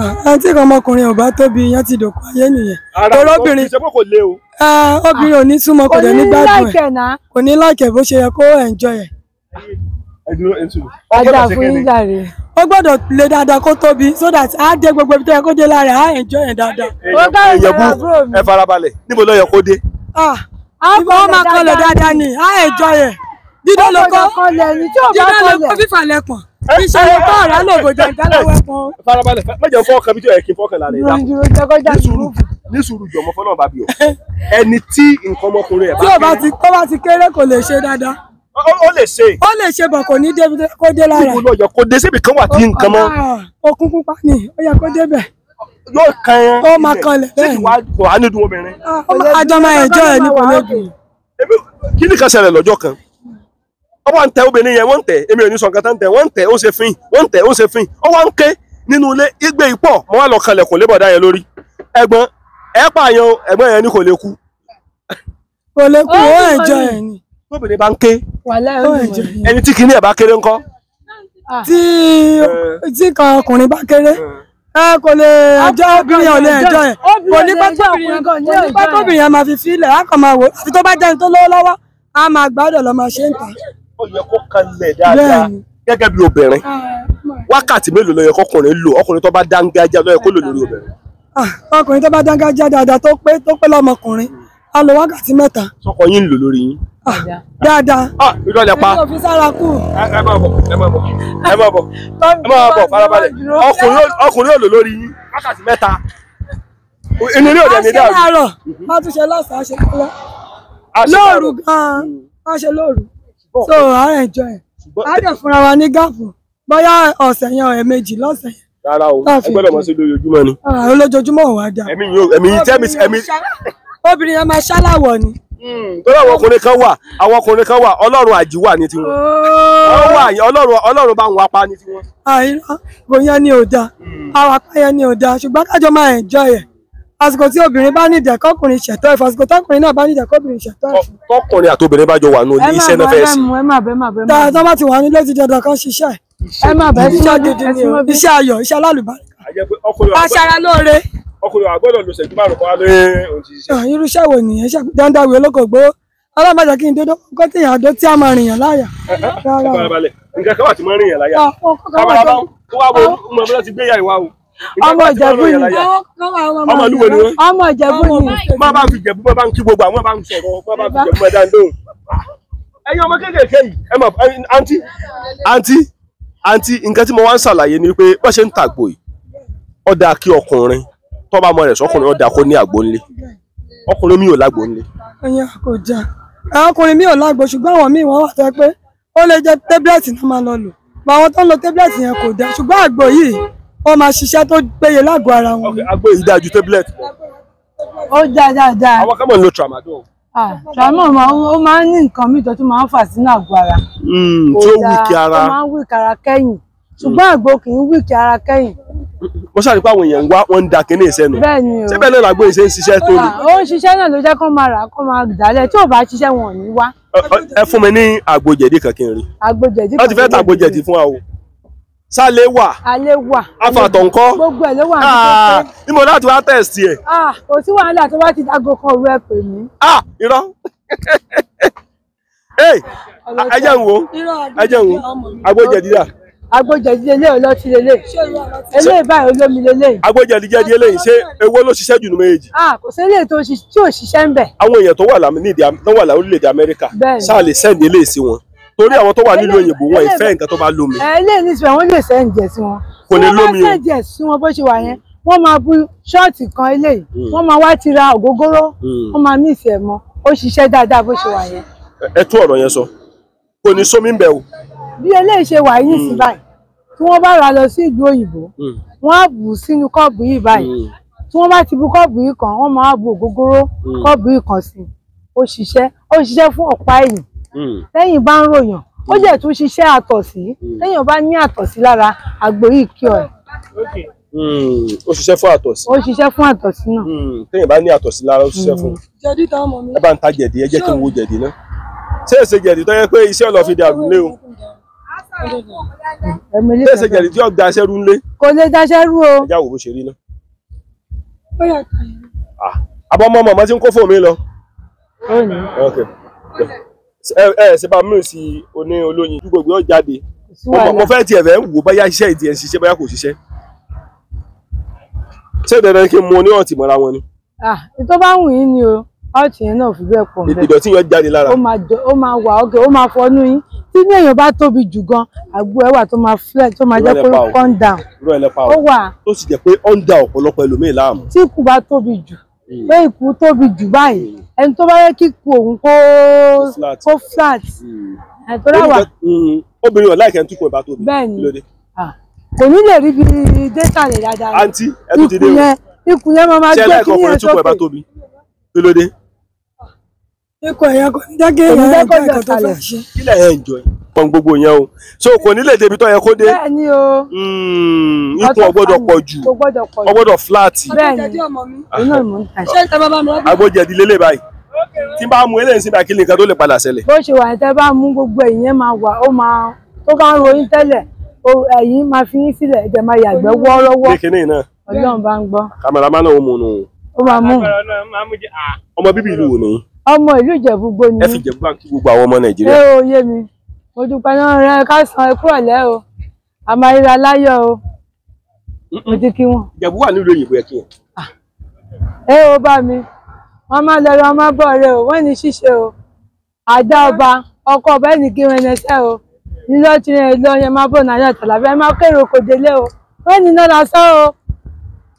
àǹtí ah, kan ọmọkùnrin ò bá tóbi iyán ti dòkú ayé nìyẹn torí obìnrin ah, obìnrin ò ní súnmọ́ kò dẹ̀ ní gbádùn kò ní láìkẹ̀ bó ṣe yẹ kó enjoy ẹ̀. ajá fún ó gbọ́dọ̀ lè dáadáa kó tóbi so that á dé gbogbo ibi tó yẹ kó dé lára á enjoy ẹ̀ dáadáa. ìyẹ̀bù ẹ farabalẹ̀ níbo ló kó dé. ó máa kọlẹ̀ dáadáa ni á enjoy ẹ̀ dídá lóko dídá lóko fífà lẹ́pọ̀n iṣẹ́ ló bá ọ̀rá lò bò jẹ̀ǹdà lọ́wọ́ kan. farabalẹ̀ mẹ́jọ fọ́ọ̀kan bí tí ẹ̀ kí fọ́ọ̀kan lálẹ́ ìdá ní sùúrù jọ̀mọ́ fọ́lọ́run bá bí ọ ẹni tí nǹkan ọmọkùnrin ẹ̀ bá kéré. tí ó bá ti kéré kò lè ṣe dáadáa. ó lè ṣe. ó lè ṣe bọ̀ kò ní débi kó dé lára. níbo lọ́yọ̀ kó dé síbi kan wà tí nǹkan mọ́. Ah, okun pupa ni ó yẹ kó débẹ̀. yóò kan ẹ. Ah, ó máa kanlẹ̀ bẹ́ẹ̀ ni. wàá nídùú obìnrin. àjọ máa ẹ̀jọ́ ẹ̀ ní kò lè dùn. kí ni kan ṣẹlẹ̀ lọ́jọ́ kan ọwọ́ ń tẹ obìnrin yẹn wọ́n ń tẹ èmi ò ní sọ nǹkan tán ń tẹ wọ́n ń tẹ ó ṣe fín wọ́n ń tẹ ó ṣe fín ọwọ́ ń ké nínú ilé igbe ìpọ̀ mo wá lọ kanlẹ̀kùn lébọ̀dá yẹn lórí ẹ̀gbọ́n ẹ pààyàn ẹ̀gbọ́n yẹn ni kò lè kú. kò lè kú ó ẹ̀jọ̀ ẹ̀ ni. tóbìnrin bá ń ké ẹni tí kìíní ẹ̀ bá kéré ńkọ́. Ah. tí eh. tí kan ọkùnrin bá kéré ẹ eh. kò lè ẹjọ́ obìnrin ò lè ẹjọ́ ẹ̀ kò ní pẹ́ tóbìnrin yẹn máa fi fílẹ̀ á kàn máa wò àfi tó bá jẹ́ni tó lówó lọ́wọ́ á máa gbádùn lọ́ máa ṣe ń ta ó yẹ kó kanlẹ̀ dáadáa gẹ́gẹ́ bí obìnrin ah, wákàtí mélòó ló yẹ kọkùnrin lò ọkùnrin tó bá dángájá ló yẹ kó lò lórí obìnrin. Ah, ọkùnrin tó bá dángájá dáadáa tó pé tó pé lọmọkùnrin a lò wákàtí mẹ́ta. sọkọ yín lò lórí yín. Ah, dáadáa irọ́ lẹ pa. èmi ò fi ẹ máa bọ̀ ẹ máa bọ̀ ẹ máa bọ̀ ẹ máa bọ̀ farabalẹ̀ ọkùnrin ò lò lórí yín wákàtí mẹ́ta inú ilé òde ní dáàbò. a ṣe láàárọ̀ a tún ṣe lọ́sàn-án a ṣe lóru gan-an a ṣe lóru so a enjoy ẹ̀ a dẹ̀ fúnra wa ní gáàpù bóyá ọ̀sẹ̀ yẹn ọ̀rẹ́ méjì lọ́sẹ̀ yẹn. rárá o ẹgbẹ́dọ̀ mọ̀ sí lójoojúmọ́ ni. olójoojúmọ́ ò wá dà. ẹ̀mí yóò ẹ̀mí yìí tẹ́mi ẹ̀mí. obìnrin yẹn máa ṣáláwọ̀ ni. Hmm, torí àwọn ọkùnrin kan wà àwọn ọkùnrin kan wà ọlọ́run àjí wà ní tiwọn. wọ́n wà yẹn ọlọ́run ọlọ́run bá ń wá pa ní tiwọn. àìrọ̀ kò yẹn ni ò da hmm. àwàpá yẹn ni ò da ṣùgbọ́n kájọ máa enjoy ẹ̀ àsìkò tí obìnrin bá ní ìdẹ̀kọ́ ọkùnrin ṣẹ̀tọ́ ẹ̀fọ́ àsìkò tọkùnrin náà bá ní ìdẹ̀kọ́ obìnrin ṣẹ̀tọ́ ẹ̀fọ́. tọkùnrin àti obìnrin bá jọ wà nínú iṣẹ́ náà fẹ́ẹ́ sí. ẹ má bẹ ẹ má bẹ ẹ má bẹ. tó bá ti wà nílé ti dandan kan ṣiṣẹ́ ẹ má bẹ iṣẹ́ gidi ni o iṣẹ́ ayọ̀ iṣẹ́ alálùbáríkà. aṣara lóore. ọkùnrin wa gbọ́dọ̀ lo ṣẹ́jú márùn-ún kan lé òun ti ah, ṣiṣẹ́. irúṣẹ́ wo nìyẹn ṣe dandan wí olóko gbó alábàjá kí n dodo kó tí yàn àdó tí a máa rìnyàn láyà. ẹ ẹ ẹ balẹ̀ nǹkan kan wà tí mo ń rìnyàn láyà. kábàlà ah, oh, oh, oh, bá ń tó wá bo ń ah. mọ bí wọ́n ti gbé yà ìwà o ọmọ ìjẹ̀bú ni ọmọ ìlúwo ni wọn ọmọ ìjẹ̀bú ni má bá ń fi jẹ̀bú má bá ń kí gbogbo àwọn bá ń sọ̀rọ̀ má bá ń fi jẹ̀bú má dá ń lóhùn. ẹ̀yin ọmọ kéékèèké yìí ẹ mọ àǹtí àǹtí àǹtí nǹkan tí mo wá ń ṣàlàyé ni pé bó ṣe ń tàgbò yìí ó dáa kí ọkùnrin tó bá mọ rẹ̀ sọkùnrin ó dáa kó ní àgbo ńlé ọkùnrin mi ò lágbo ńlé. ẹ̀yin kò já ọkùnrin mi ò lágbo ṣùgbọ́n àwọn míì wọ́n wà tẹ́ pé ó lè jẹ tẹ́bílẹ̀tì náà máa lọ lò bàwọn tó ń lo tẹ́bílẹ̀tì yẹn kò dáa ṣùgbọ́n àgbo yìí wọ́n máa ṣiṣẹ́ tó péye lágọ̀ọ́ ara wọn. agbó èyí dáa ju tablet. ó dá, dáadáa. àwọn kámọ̀ ń lo tramadol. tramadol ó máa ń ní nǹkan míì tó tún máa ń fà sínú àgọ́ ara. Hmm, tí ó wíìkì ara. ó máa ń wíìkì ara kẹ́yìn ṣùgbọ́n àgbo kì í wíìkì ara kẹ́yìn. mo ṣàrí pé àwọn èèyàn ń wá wọn ń da kinní ìsẹ́nu. bẹ́ẹ̀ni o ṣé bẹ́ẹ̀ náà làgbo ìṣe ń ṣiṣẹ́ tó ni. ó ń ṣiṣẹ́ náà ló jẹ́ kó máa rà kó máa dálẹ̀ tí ò bá ṣiṣẹ́ wọn ò ní wá. ẹ fún mi ní àgbo jẹ̀dí kan kí n rí. àgbo jẹ̀dí kan kí n rí. wọ́n ti fẹ́ ta àgbo jẹ̀dí fún wa o sálẹ̀ wà alẹ́ wà afàtọ̀ ńkọ́ gbogbo ẹ̀ ló wà ní Ah! níbo láti wá tẹ̀sì ẹ̀. Ah, kò sí wàhálà tó bá ti dágò kan òru ẹ pè mí. Ah, irọ́ ẹjẹ̀ ń wo ẹjẹ̀ ń wo agbójẹ̀dídà. agbójẹ̀dídà ilé ọlọ́tí lélẹ̀ ilé ìbáyọ̀ olómi lélẹ̀. agbójẹ̀dídà ilé yìí ṣé èwo ló ṣiṣẹ́ jù nínú méjì. Ah, kò sí ilé tí ò ṣiṣẹ́ ń bẹ̀. àwọn èèyàn tó wà lórílẹ̀-èdè Amẹ́ríkà sáà lè sẹ́ndì eléyìí sí wọn torí àwọn tó wà nílùú òyìnbó wọn ìfẹ́ nǹkan tó bá lómi. ẹ lè ní ìfẹ́ wọn lè sẹ́ ń jẹ sí wọn. kò ní lómi o tí wọ́n bá sẹ́ ń jẹ sí wọn bó ṣe wà yẹn wọ́n máa bu ṣọ́ọ̀tì kan eléyìí hmm. wọ́n máa wá ti ra ògógóró hmm. wọ́n máa mí ìfẹ́ mọ́ ó ṣiṣẹ́ dáadáa bó ṣe wà yẹn. ẹ tú ọ̀rọ̀ yẹn sọ kò ní sómi ń bẹ̀ o. bí eléyìí ṣe wà yìí sí hmm. báyìí tí wọ́n bá ra lọ sí ìlú òyìnbó wọ́n á bù sínú kọ́ọ̀bù yìí báyìí tí wọ́n bá ti bu kọ́ọ̀bù yìí kan wọ́n máa bu ògógóró kọ́ọ̀bù yìí kan sí i ó ṣiṣẹ́ ó ṣiṣẹ́ fún ọ̀pá ẹ̀yìn lẹ́yìn hmm. bá ń ròyàn ó hmm. jẹ́ tún ṣiṣẹ́ àtọ̀sí lẹ́yìn hmm. bá ní àtọ̀sí lára àgbo yìí kí ọ ẹ̀. ó ṣiṣẹ́ fún àtọ̀sí. ó ṣiṣẹ́ fún àtọ̀sí náà. lẹ́yìn bá ní àtọ̀sí lára ó ṣiṣẹ́ fún. jẹ̀dí táwọn mọ̀ mi. ẹ bá ń ta jẹ̀dí ẹ jẹ́ kí n wo jẹ̀dí náà ṣé èsè jẹ̀dí tó yẹ pé iṣẹ́ ọ̀lọ́ fi dàrú lé o ṣé èsè jẹ̀dí tí ó da aṣẹ́rú lé. kò lè daṣẹ́ rú o. ẹ já wò bó ṣe rí náà. Ah. àbọ̀mọ́ mọ̀mọ́ ti ń kó fóònù mi lọ. ó ẹ ẹ ṣe bá mú sí oní olóyin ju gbogbo jáde mo fẹ́ tiẹ̀ fẹ́ wò báyà iṣẹ́ ìdí ẹ̀ ń ṣiṣẹ́ báyà kò ṣiṣẹ́ ṣé dandan kí n mú oní ọ̀tí mọ́ra wọn ni. ah tó bá wù yín ni o ọ̀tí yẹn náà fi bẹ́ẹ̀ pọ̀ bẹ́ẹ̀ ìdọ̀tí yẹn jáde lára. ó máa wà ókè ó máa fọnú yín tí ní èèyàn bá tóbi jù gan àgbo ẹwà tó máa flẹ tó máa jẹ pé on down ó wà tó sì jẹ pé on down ọ̀pọ̀lọpọ̀ ẹlòmíì láàmú. tí ikú bá tóbi jù hmm. pé ikú ẹni tó bá yẹ kí ku òun kó kó flat hmm. ẹ̀tọ́ láwà. obìnrin ọ̀ láìkẹ́ ń túkun ìbá tóbi lóde. kò ní lè rí bí dẹ́tà lè dáadáa. àǹtí ẹ tún ti dé o ikùn yẹn máa máa gbé kí ni ẹ tó pè. ṣé ọkùnrin túkun ìbá tóbi lóde ikọ̀ ẹ̀yà kò ní dákẹ́ ẹ̀yà ẹ̀ka tó fẹ́ ṣe. kílẹ̀ ẹ̀ ń jọ pọ̀n gbogbo yẹn o so kò nílé débi tó yẹ kó dé bẹ́ẹ̀ni o hmm, ikùn ọgbọ́dọ̀ pọ̀ jù ọgbọ́dọ̀ fúláàtì bẹ́ẹ̀ni agbójẹ̀dì lélẹ̀ báyìí tí bá mú eléyìí síbi àkílì nǹkan tó lè padà ṣẹlẹ̀. bó ṣe wà tẹ́ bá mú gbogbo ẹ̀yìn máa wà ó máa tó bá ń ròyìn tẹ́lẹ̀ ẹ̀yìn máa fi yín sílẹ̀ ẹ̀jẹ̀ máa yàgbẹ́ wọ́ọ́rọ́wọ́. bí kinní náà Ọlọ́run bá ń gbọ́. kàmẹ́rámánà ó mú un nù. ó máa mú. Ah. ọmọ bíbí ìlú wò ni ọmọ ìlú ìjẹ̀búgbó ni. ẹ fi ìjẹ̀bú bá kí gbogbo àwọn ọmọ nàìjíríà. ẹ o yé mi mo dúpẹ́ náà rẹ káàsán ẹ kúrọ̀ lẹ́ o a máa ríra láyọ̀ o mo ti kí wọn. ìjẹ̀bú wà nílùú òyìnbó ẹ kí wọn. ẹ o bá mi wọn máa lọ ra ọmọ bọ̀ rẹ o wọ́n ní ṣíṣe o àdá ọba ọkọ ọba ẹnì kí wọn ẹnẹsẹ o nílọ tí ẹ lọ yẹn máa bọ̀ náà yàtọ̀ làbẹ́ máa kéré oko délé o wọ́n ní náà lásán o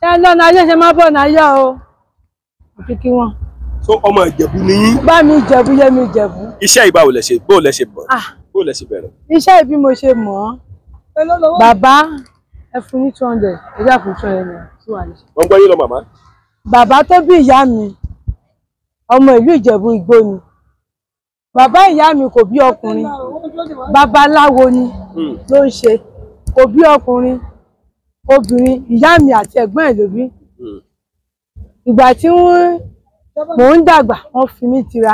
ẹ lọ́nà ayé ṣe máa bọ̀ náà yà o mo ti kí wọn tó ọmọ ìjẹ̀bú ni yín. bá mi ìjẹ̀bú yé mi ìjẹ̀bú. iṣẹ́ ìbáwò lẹ ṣe bó lẹ ṣe bọ̀ ah. bó lẹ ṣe bẹ̀rẹ̀. iṣẹ́ ìbí mo ṣe mọ̀ ọ́ bàbá ẹ fún ní two hundred ẹ jẹ́ àfún two hundred tí wàá lè wọ́n gbọ́ yín lọ màmá. bàbá tó bí ìyá mi ọmọ ìlú ìjẹ̀bú igbó ni bàbá ìyá mi kò bí ọkùnrin babaláwo ni hmm. ló ń ṣe kò bí ọkùnrin obìnrin ìyá mi àti ẹ̀gbọ́n ẹ̀ ló bí hmm. ìgbà tí wọ́n mò ń dàgbà wọ́n fi mí tira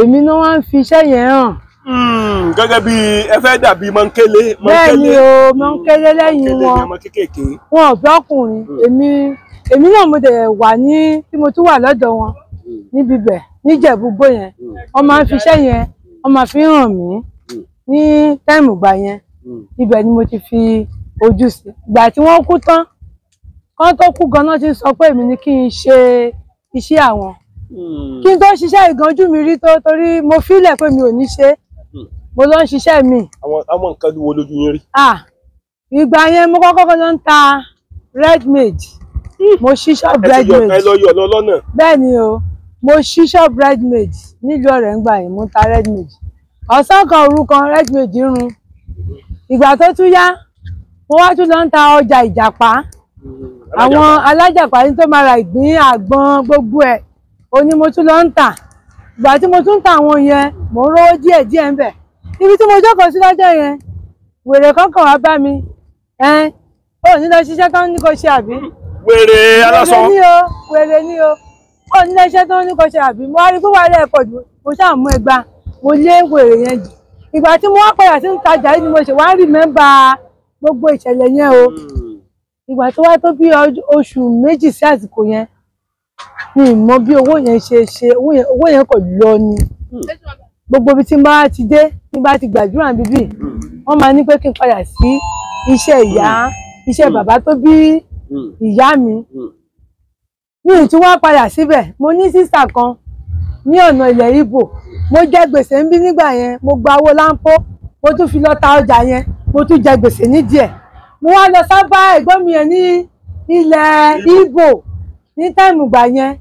èmi náà wá ń fi iṣẹ́ yẹn hàn. Hmm, gẹ́gẹ́ bí ẹ fẹ́ dàbí mọ́ńkélé. bẹ́ẹ̀ni o mọ́ńkélé lẹ́yìn wọn wọn ò fẹ́kùnrin hmm. èmi èmi náà mo dẹ̀ wà ní tí mo tún wà lọ́dọ̀ wọn hmm. níbi bẹ̀ níjẹ̀búgbó yẹn wọ́n máa ń fi iṣẹ́ yẹn wọ́n máa fi hàn mí ní táìmù gbà yẹn ibẹ̀ ni mo ti fi ojú sí ìgbà tí wọ́n kú tán kán kú ganan ti sọ pé èmi ni kí n ṣe iṣẹ́ àwọn hmm. kí n tó ṣiṣẹ́ ìganjú mi rí tó torí mo fílẹ̀ pé mi ò ní ṣe hmm. mo lọ ń ṣiṣẹ́ mi. àwọn àwọn nǹkan wo lójú yín rí. Ah, ìgbà yẹn mo kọ́kọ́ lọ ń ta red maid hmm. mo ṣí shop maid ẹ lọ yọ lọ lọ́nà. bẹ́ẹ̀ ni o mo ṣí shop red maid nílùú ọ̀rẹ́ ńgbà yẹn mo ń ta red maid ọ̀sán kan òru red maid run ìgbà tó tún yá mo wá tún lọ ń ta ọjà ìjàpá àwọn alájàpáyé tó máa ra ìgbín àgbọn gbogbo ẹ̀ oní mo tún lọ ń tà ìgbà tí mo tún ń tà àwọn yẹn mò ń rówó díẹ̀ díẹ̀ ń bẹ̀ ibi tí mo jókòó sí lọ́jọ́ yẹn wèrè kankan wá bá mi ó ní lọ ṣiṣẹ́ tó ń ní kó ṣe àbí. wèrè aláṣọ wèrè ni o wèrè ni o ó ní lọ ṣiṣẹ́ tó ń ní kó ṣe àbí mo wá rí púpọ̀ rẹ̀ pọ̀ jù mo ṣáà mú ẹgbà mo lé wèrè yẹn jù ìgbà tí mo wá padà sí ń tajà yìí ni mo ṣe wá rí mẹ́ńbà gbogbo ìṣẹ̀lẹ̀ yẹn o. Mm ìgbà tó wá tó bí oṣù méjì sí àsìkò yẹn mi ì mọ bí owó yẹn ṣe ṣe owó yẹn kò lọ ni gbogbo ibi tí n bá ti dé ní bá ti gbàdúrà bíbí wọ́n máa ní pé kí n padà sí iṣẹ́ ìyá iṣẹ́ bàbá tó bí ìyá mi mi ì tún wá padà síbẹ̀ mo ní sísà kan ní ọ̀nà ilẹ̀ Ìgbò mo jẹ gbèsè ń bí nígbà yẹn mo gba owó láńpó mo tún fi lọ ta ọjà yẹn mo tún jẹ gbèsè nídìí ẹ̀ mo wá lọ sábà ẹ̀gbọ́n mi yẹn ní ilẹ̀ Ìgbò ní táìmù gbà yẹn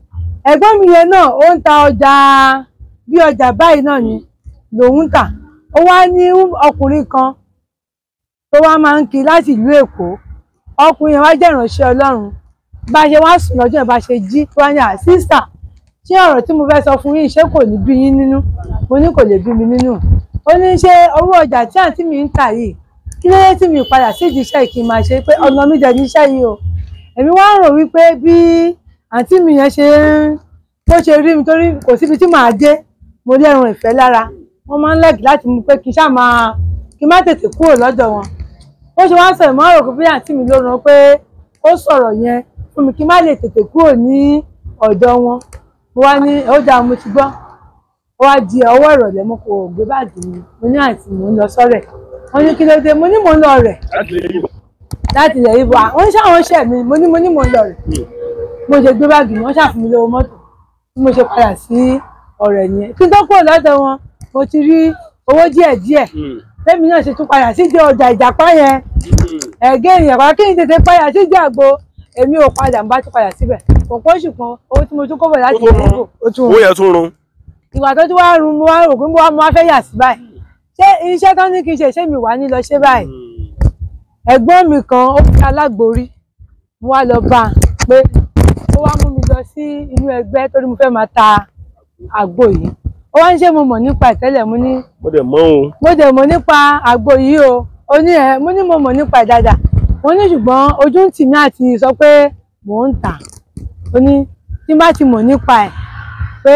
ẹ̀gbọ́n mi yẹn náà ó ń ta ọjà bí ọjà báyìí náà ni lòun tà ó wá ní ọkùnrin kan tó wá máa ń kí láti ìlú Èkó ọkùnrin yẹn wá jẹ́ ìránṣẹ́ Ọlọ́run bá ṣe wá sùn lọ́jọ́ ìbá ṣe jí tó wá ní àsísà ah, ṣé ọ̀rọ̀ tí mo fẹ́ sọ fún yín ṣé kò ní bí yín nínú mo ní kò lè bí mi nínú ó ní ṣe owó ọjà tí àǹtí mi ń tà yìí kí ló dé tí mi padà sídìí iṣẹ́ yìí kí n máa ṣe pé ọ̀nà mi dẹ̀ ní iṣẹ́ yìí o èmi wá ń rò wípé bí àǹtí mi yẹn ṣe ń bó ṣe rí mi torí kò síbi tí màá dé mo rí ẹran ìfẹ́ lára wọ́n máa ń lẹ́gì láti mú pé kí n ṣáà máa kí n má tètè kúrò lọ́dọ̀ wọn bó ṣe wá ń sọ̀rọ̀ máa rò pé àǹtí mi ló ràn pé ó sọ̀rọ̀ yẹn fún mi kí n má lè tètè kúrò ní ọ̀dọ̀ wọn mo wá ní ó dáa mo ti gbọ́ ó wá di ọwọ́ ìrọ̀lẹ́ mo kò gbé báàgì mi mo ní àǹtí mi ń lọ sọ́rẹ̀ wọ́n ní kí ló dé mo ní mò ń lọ rẹ̀ láti ilẹ̀ ibo àwọn iṣẹ́ àwọn iṣẹ́ mi mo ní mo ní mò ń lọ rẹ̀ mo ṣe gbé báàgì mi wọ́n ṣàfùmí lówó mọ́tò bí mo ṣe padà sí ọ̀rẹ́ yẹn kí n tó kúrò lọ́dọ̀ wọn mo ti rí owó díẹ̀ díẹ̀ bẹ́ẹ̀ hmm. mi náà ṣe tún padà sídìí ọjà ìjàpá yẹn hmm. ẹ̀gẹ́ ìyàpá kí n tètè padà sídìí àgbo èmi ò padà ń bá tún padà síbẹ̀ òpó ṣùgbọ́n owó tí mo tún kọ́bọ̀ láti ìlú ìbò ó tó tún wá rún mo wá rò pé mo wá fẹ́ yà sí báyìí ṣé iṣẹ́ tán ní kí n ṣe ṣé mi wà ní lọ ṣe báyìí hmm. ẹ̀gbọ́n mi kan ó fi alágborí mo wá lọ bá a pé ó wá mú mi lọ sí inú ẹgbẹ́ torí mo fẹ́ máa ta àgbo yìí ó wá ń ṣe mo mọ̀ nípa ìtẹ́lẹ̀ mo ní mo dẹ̀ mọ̀ o mo dẹ̀ mọ̀ nípa àgbo yìí o ó ní ẹ mo ní mo mọ̀ nípa ẹ̀ dáadáa mo ní ṣùgbọ́n ojú ń tì mí àti sọ pé mò ń tà ó ní tí n bá ti mọ̀ nípa ẹ̀ pé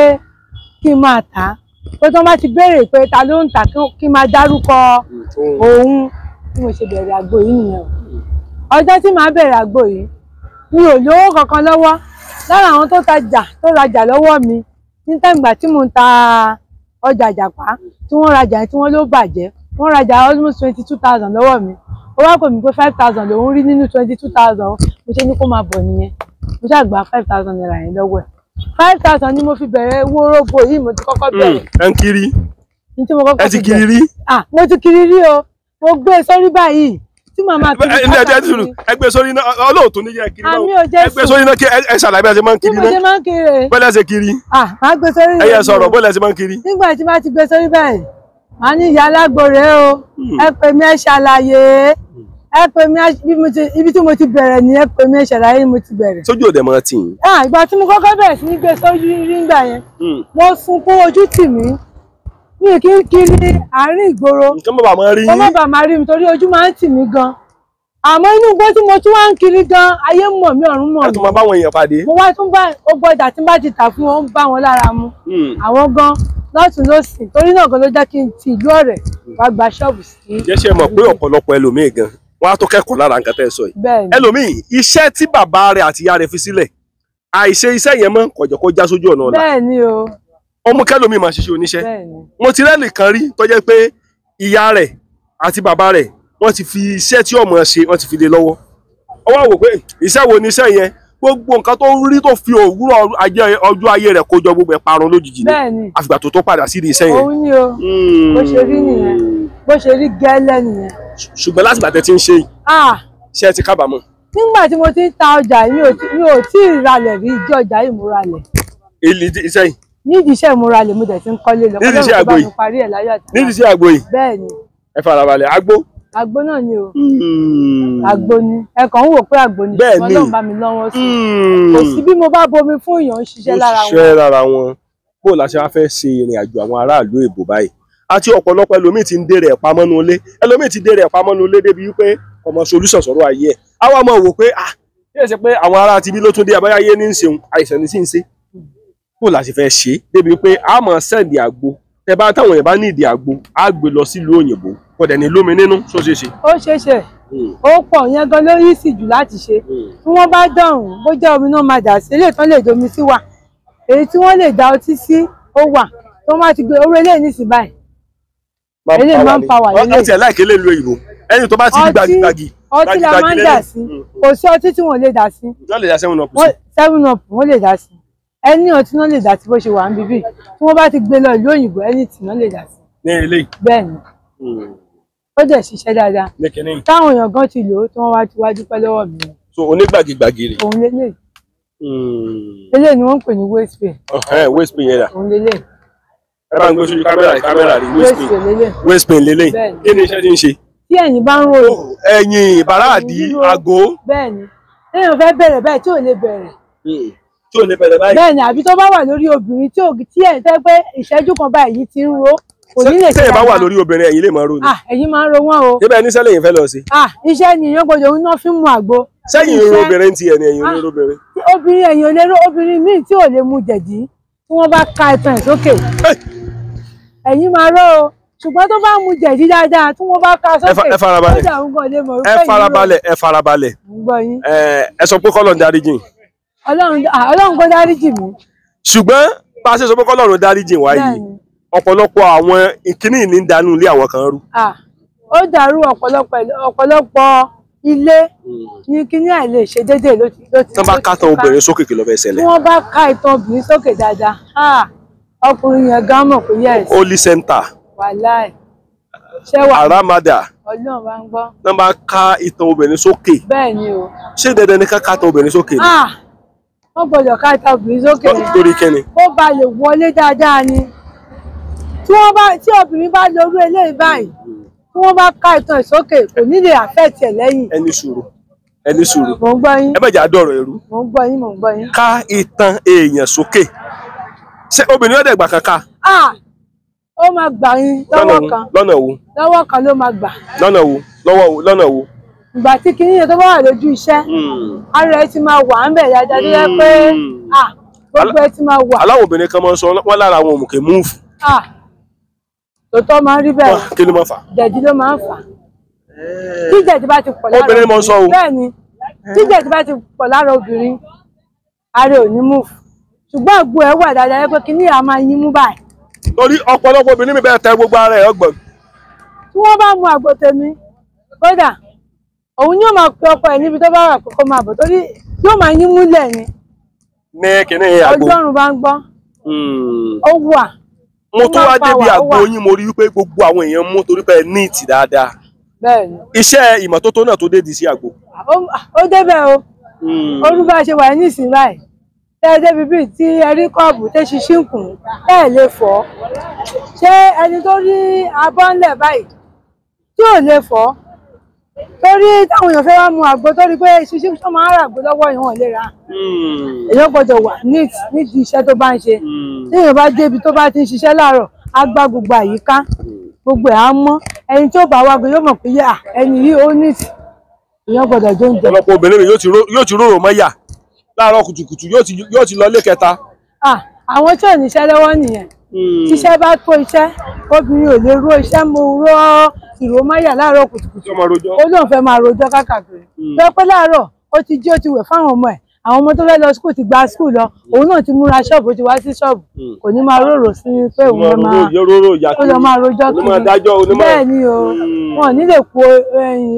kí n máa tà á pé tí wọ́n bá ti béèrè pé ta ló ń tà kí máa dárúkọ òun tí mo ṣe bẹ̀rẹ̀ àgbo yìí nìyẹn ọjọ́ tí màá bẹ̀rẹ̀ àgbo yìí mi ò lówó kankan lọ́wọ́ lára àwọn tó tajà tó rajà lọ́wọ́ mi ní tàgbà tí mò ń ta ọjà àjàpá tí wọ́n rajà tí wọ́n ló bàjẹ́ wọ́n rajà almost twenty two thousand lọ́wọ́ mi ó wá pè mí pé five thousand lòún rí nínú twenty two thousand mo ṣe ní kó máa bọ̀ nìyẹn mo ṣàgbà five thousand naira yẹn lọ́wọ́ ẹ̀ five thousand ni mo fi bẹ̀rẹ̀ wórógbó yìí mo ti kọ́kọ́ hmm, bẹ̀rẹ̀. ẹ ń kiri ẹ ti kiri ah mo ti kiri rí o mo gbé e sórí báyìí tí màmá tó ní káàkiri. ẹ e ah, jẹ́ ẹ gbé e sórí náà olóòtú ní yẹ kiri náà ẹ gbé sórí náà kí ẹ ṣàlàyé bí a ṣe máa ń kiri náà. bí mo ṣe kiri rẹ̀. kiri. ah máa gbé sórí rẹ̀. ẹ yẹ sọ̀rọ̀ bọ́lá ṣe máa ń kiri. nígbà tí máa ti gbé sórí báyìí màá ní ìyá alágbòrè o hmm. ẹ pè mí ẹ ṣàlàyé ẹ pè mí bí ibi tí mo ti bẹ̀rẹ̀ nìyẹn pè mí ṣàlàyé ni mo ti bẹ̀rẹ̀. sójú òde máa tì yín. ìgbà tí mo kọ́kọ́ bẹ̀rẹ̀ sí ní gbé sójú nígbà yẹn hmm. mo sunkún ojú tì mí mi kì í kiri àárín ìgboro nǹkan bàbà máa rí yín nǹkan bàbà máa rí mi torí ojú máa ń tì mí gan àmọ́ inú igbó tí mo tún wá ń kiri gan ayé mọ̀ mí ọ̀run mọ̀ mí. ẹ máa bá àwọn èèyàn pàdé. mo wá tún bá ogbó ọjà tí n bá ti tà fún wọn ń bá wọn lára mu hmm. àwọn gan lọ́tún lọ́sìn torí náà gan ló jẹ́ kí n ti ìlú ọ̀rẹ́ wá gba ṣọ́ọ̀bù sí. jẹ́ ṣe mọ̀ pé ọ̀pọ̀lọpọ̀ ẹlòmíì gan wọn á tó kẹ́kọ̀ọ́ lára nǹkan tẹ́ ẹ sọ yìí ẹlòmíì iṣẹ́ tí bàbá rẹ̀ àti ìyá rẹ̀ fi sílẹ̀ àìṣe iṣẹ́ yẹn mọ́ kọjọ kó já sójú ọ̀nà ọ̀la ọmọ kẹlòmíì máa ṣiṣẹ́ oníṣẹ́ mo ti rẹ́ nìkan rí tó jẹ́ pé ìyá rẹ̀ àti bàbá rẹ̀ wọ́n ti fi iṣẹ́ tí ọmọ ṣe wọ́n ti fi lé lọ́wọ́ ó wá wò pé iṣẹ́ wo ni iṣẹ́ yẹn gbogbo nǹkan tó rí tó fi òwúrọ̀ ajé ọjọ́ ayé rẹ̀ kójọ gbogbo ẹ̀ parun lójijì ni àfìgbà tó tó padà sí iṣẹ́ yẹn. òun ni o hmm. bó ṣe rí nìyẹn bó ṣe rí gẹ́lẹ́ nìyẹn. ṣùgbọ́n látìgbà tẹ́ ti ń ṣe yìí ṣé ẹ ti kábàámọ̀. nígbà tí mo ti ń ta ọjà mi ò tí ì ralẹ̀ rí ìjọ ọjà yìí mo ralẹ̀. èlì iṣẹ́ yìí. nídìí iṣẹ́ mo ralẹ̀ mo dẹ̀ ti ń kọ́lé lọ. nídìí iṣẹ́ àgbo yìí nídìí iṣẹ́ àgbo yìí. bẹ́ẹ̀ ni. ẹ farabalẹ̀ àgbo. àgbo náà ni o. Hmm. àgbo ni ẹ kàn ń wò pé àgbo ni ṣùgbọ́n lọ́n bá mi lọ́wọ́ sí. Hmm. kò sí bí mo bá bomi fún èèyàn ń ṣiṣẹ́ lára wọn. ó ṣiṣẹ́ lára wọn bó la ṣe wá fẹ́ ṣe ìrìn àjò àwọn aráàlú èbó báyìí àti ọ̀pọ̀lọpọ̀ ẹlòmíì ti ń dèrè ẹ̀ pamọ́ nu ilé ẹlòmíì ti dèrè ẹ̀ pamọ́ nu ilé débi wípé ọmọ solution sọ̀rọ̀ ayé ẹ̀ àwa máa wò pé ah yóò ṣe pé àwọn ará tibí ló tún dé abáyá yé ní ṣeun àìsàn ní sí ń ṣe kó láti fẹ́ ṣe débi wípé a máa sẹ́ẹ̀dì àgbo tẹ bá táwọn èèyàn bá ní ìdí àgbo á gbé lọ sílùú òyìnbó kò dẹ̀ ní lómi nínú tó ṣeé ṣe. ó ṣeé ṣe hmm. ó pọ̀ yẹn gan ló yìí sì jù láti ṣe hmm. tí wọ́n bá dọ̀rùn bó jẹ́ omi náà máa dà sí eléyìí tán lè domi sí wà èyí tí wọ́n lè da ọtí sí ó wà tó má ti gbé orí eléyìí nísìnyí báyìí ilé man power ilé ọtí aláìké lè lo ìró ẹni tó bá ti gbagigbagi ọtí la máa ń dà sí mm. kò sí ọtí tí wọn lè dà sí wọn lè dà seven up seven up wọn lè dà sí ẹni ọtí náà lè dà sí bó ṣe wà ń bíbí tí wọn bá ti gbé lọ ìlú òyìnbó ẹni tì náà lè dà sí. ní ilé bẹ́ẹ̀ ni mm. ó dẹ̀ ṣiṣẹ́ dáadáa táwọn èèyàn gan ti lò ó tí wọn wá ti wá dúpẹ́ lọ́wọ́ mi. so onígbàgigbàgi rè. òun lélẹ̀ mm. eléyìí ni wọ́n ń pè ní waste pay. waste pay yẹn dà. òun lélẹ̀ ẹ bá ń gbé sójú kámẹ́rà kámẹ́rà rí waist pain lélẹ̀ kí ni iṣẹ́ ti ń ṣe. tí ẹ̀yìn bá ń rò ẹ̀yìn bàràdì àgò. bẹ́ẹ̀ni èèyàn fẹ́ bẹ̀rẹ̀ bẹ́ẹ̀ tí ò lè bẹ̀rẹ̀. Hmm. tí ò lè bẹ̀rẹ̀ báyìí. bẹ́ẹ̀ni àbí tó bá wà lórí obìnrin tí tí ẹ̀ fẹ́ pé ìṣẹ́jú kan báyìí ti ń ro kò ní lè ṣe dáadáa. sẹ́yìn bá wà lórí obìnrin ẹ̀yìn lè máa ro ni. Ah, ẹ̀yìn máa ro wọ́n o. ibẹ̀ ní sẹ́lẹ̀ yìí fẹ́ lọ sí. Ah, iṣẹ́ ni ìyẹn gbọ́dọ̀ ń ná fí mu àgbo. sẹ́yìn ìrò obìnrin ti ẹ̀yìn ẹ̀yìn olóró obìnrin. Ah, obìnrin ẹ̀yìn olóró obìnrin míì tí ò lè mu jẹ̀dí tí wọ́n bá ka ẹ̀tàn sókè ẹ̀yin máa rọ́ o ṣùgbọ́n tó bá mu jẹ̀dí dáadáa tí wọ́n bá ka sókè ẹ farabalẹ̀ ẹ farabalẹ̀ ẹ farabalẹ̀ ẹ sọ pé kọ́lọ̀ ń dáríjì. ọlọ́run kó dáríjì mú. ṣùgbọ́n bá a ṣe sọ pé kọ́lọ́run dáríjì wá yìí ọ̀pọ̀lọpọ̀ àwọn ìkíní ní ń danú ilé àwọn kan rú. Ah, ó dàrú ọ̀pọ̀lọpọ̀ ilé ní kíní àìlè ṣe déédéé ló ti. tí wọ́n bá ká ìtàn obìnrin sókè kí fẹ́ ṣẹlẹ̀ ọkùnrin yẹn gan mọ̀ pé yẹ́sì. holy center. wàláì. ṣé aramada. ọlọ́run bá ń gbọ́. náà máa ka ìtàn obìnrin sókè. bẹ́ẹ̀ ni o. ṣé dandan ni ká ka ìtàn obìnrin sókè ni. Ah! wọ́n gbọ́dọ̀ ká ìtàn obìnrin sókè ni. torí kẹ́ni. ó ba lè wọlé dáadáa ni. tí wọ́n bá tí obìnrin bá lorú eléyìí báyìí tí wọ́n bá ka ìtàn ìsókè kò ní lè àfẹ́ tiẹ̀ lẹ́yìn. ẹni sùúrù ẹni sùúrù. mò ń gbọ́ yín. ẹ bẹ̀jẹ̀ àdọ̀rọ̀ ẹ̀rú. mò ń gbọ́ yín mò ń gbọ́ yín. ká ìtàn èèyàn sókè ṣé obìnrin yóò dẹ̀ gbà kankan. ó máa gbà yín lọ́wọ́ kan lọ́nà wo lọ́wọ́ kan ló máa gbà. lọ́nà wo lọ́wọ́ wo lọ́nà wo. ìgbà tí kinní yẹn tó bá wà lójú iṣẹ́ hmm. ara ẹ ti máa wà ń bẹ̀ dáadáa tó yẹ pé hmm. gbogbo ẹ ti máa wà. aláwọ̀ obìnrin kan máa ń sọ wọ́n lára àwọn òmùkè múùfù. tòótọ́ máa ń rí bẹ́ẹ̀ kí ló máa fà. jẹ̀dí ló máa ń fà. tí jẹ̀dí bá ti pọ̀ lára obìnrin bẹ́ẹ̀ ni tí jẹ̀dí bá ti pọ̀ lára obìnrin ara ò ní múùfù. ṣùgbọ́n àgbo ẹ̀ wà dáadáa ẹ pé kíní à yín torí ọ̀pọ̀lọpọ̀ obìnrin mi bẹ́ẹ̀ tẹ gbogbo ara ẹ̀ ọgbọ̀n. tí wọ́n bá mu àgbo tèmi kódà òun yóò máa pe ọkọ ẹ̀ níbi tó bá wà kókó bọ̀ torí yóò máa yín múlẹ̀ ni. ní kíní bá ń gbọ́. Hmm. ó wà. mo tún wá débi àgbo mo rí gbogbo àwọn èèyàn mú pé dáadáa. iṣẹ́ o. orúkọ àṣewà ẹ̀ ní ẹ̀ẹ́dẹ́ bíbí tí ẹ rí kọ́ọ̀bù tẹ́ ṣiṣí ẹ lè fọ́ ṣé ẹni tó rí abọ́ ńlẹ̀ báyìí tí ò lè fọ́ torí táwọn èèyàn fẹ́ wá mu àgbo torí pé ṣíṣí tó máa ń rà àgbo lọ́wọ́ ìwọ̀n lè ra hmm. èèyàn gbọ́dọ̀ wà nídìí iṣẹ́ tó bá ń ṣe hmm. tí bá débi tó bá ti ń ṣiṣẹ́ láàárọ̀ á gbá gbogbo àyíká gbogbo ẹ̀ á mọ́ ẹni tí bá wá gbé yóò mọ̀ pé yà ẹni yìí ó nìtì èèyàn gbọ́dọ̀ jó ń obìnrin yóò ti róró mọ́ yà láàárọ̀ kùtùkùtù yóò ti lọ lé kẹta. àwọn tí ò níṣẹ́ lọ́wọ́ nìyẹn hmm. tíṣẹ́ bá tó iṣẹ́ obìnrin ò lè ró iṣẹ́ mo rọ ìròmáyà láàárọ̀ kùtùkùtù ó lóun fẹ́ máa rojọ́ kákàkiri pé hmm. pé láàárọ̀ ó ti jí ó ti wẹ̀ fáwọn ọmọ ẹ̀ àwọn ọmọ tó fẹ́ lọ skul ti gba skul lọ òun náà ti múra ṣọ́ọ̀bù ó ti wá sí ṣọ́ọ̀bù hmm. kò ní máa rorò sí pé òun máa ó lọ máa rojọ́ kiri bẹ́ẹ̀ ni o hmm. wọn ní lè po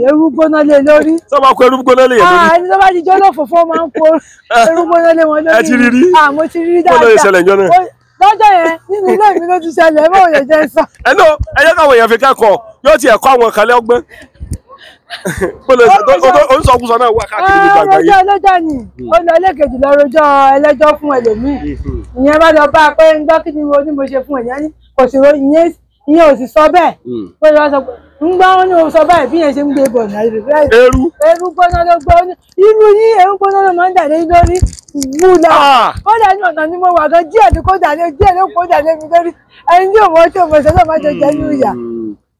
eru eh, gbóná lé lórí. sọ́ba kó eru gbóná lé yẹn lórí. Ah, ẹni tó bá ti jọ́lọ́ fòfó máa ń po eru gbóná lé wọn lórí. ẹ ti rí rí ah, mo ti rí dáadáa kó lóye ṣẹlẹ̀ jọ náà. lọ́jọ́ yẹn nínú ilé mi ló ti ṣẹlẹ̀ ẹ bá òye jẹ́ sọ. ẹ náà ẹ yẹ káwọn èèyàn fi kẹ́kọ̀ọ́ yóò ti ẹ̀kọ́ àwọn kan lọ́gbọ́n pẹ̀lẹ́ o ń sọkúsọ náà wà káàkiri gbogbo ah, àgbáyé. ọlọ́jọ́ ọlọ́jọ́ ni hmm. ọ̀nà ẹlẹ́kejì lọ́rọ́jọ́ ẹlẹ́jọ́ fún ẹlòmíì hmm. ìyẹn bá lọ bá a pé ń gbọ́ kí ni mo ní mo ṣe fún ẹ̀yán ní kò sì ro ìyẹn ìyẹn ò sì sọ bẹ́ẹ̀ pé hmm. lọ́wọ́ sọ pé ń gbọ́ wọn ni mo sọ báyìí bí yẹn ṣe ń gbé bọ̀ náà eru eru gbóná ló gbọ́ ní irú yín eru gbóná ló máa ń dàdé lórí wú náà kódà ah! ní ọ̀nà ni mo wà gan díẹ̀ ni kódà ní díẹ̀ ló kódà ní mi lórí ẹni tí òun ọtí òun ọ̀sẹ̀ náà má jẹ jẹ́ ní ìyà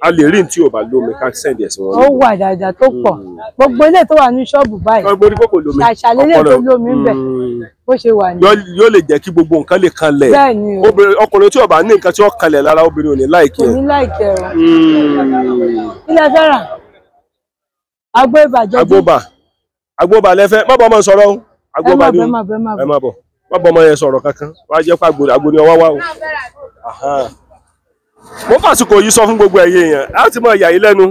a lè rí tí o bá lo mechanic send ẹ̀sìn wọn. ó wà dáadáa tó pọ̀ hmm. gbogbo ilé tó wà ní ṣọ́ọ̀bù báyìí ṣàṣàlélẹ̀ tó lómi bẹ̀ hmm. bó ṣe wà ní. yóò lè jẹ́ kí gbogbo nǹkan lè kanlẹ̀ ọkùnrin tí o bá ní nǹkan tí ó lára obìnrin ò ní láìkẹ́. Hmm. agbó má bọ́ ọmọ sọ̀rọ̀ o má bọ́ ọmọ yẹn sọ̀rọ̀ kankan jẹ́ agbóni wa o. mo ń fàsìkò yìí sọ fún gbogbo ẹ̀yin èèyàn a ti mọ ìyà yìí lẹ́nu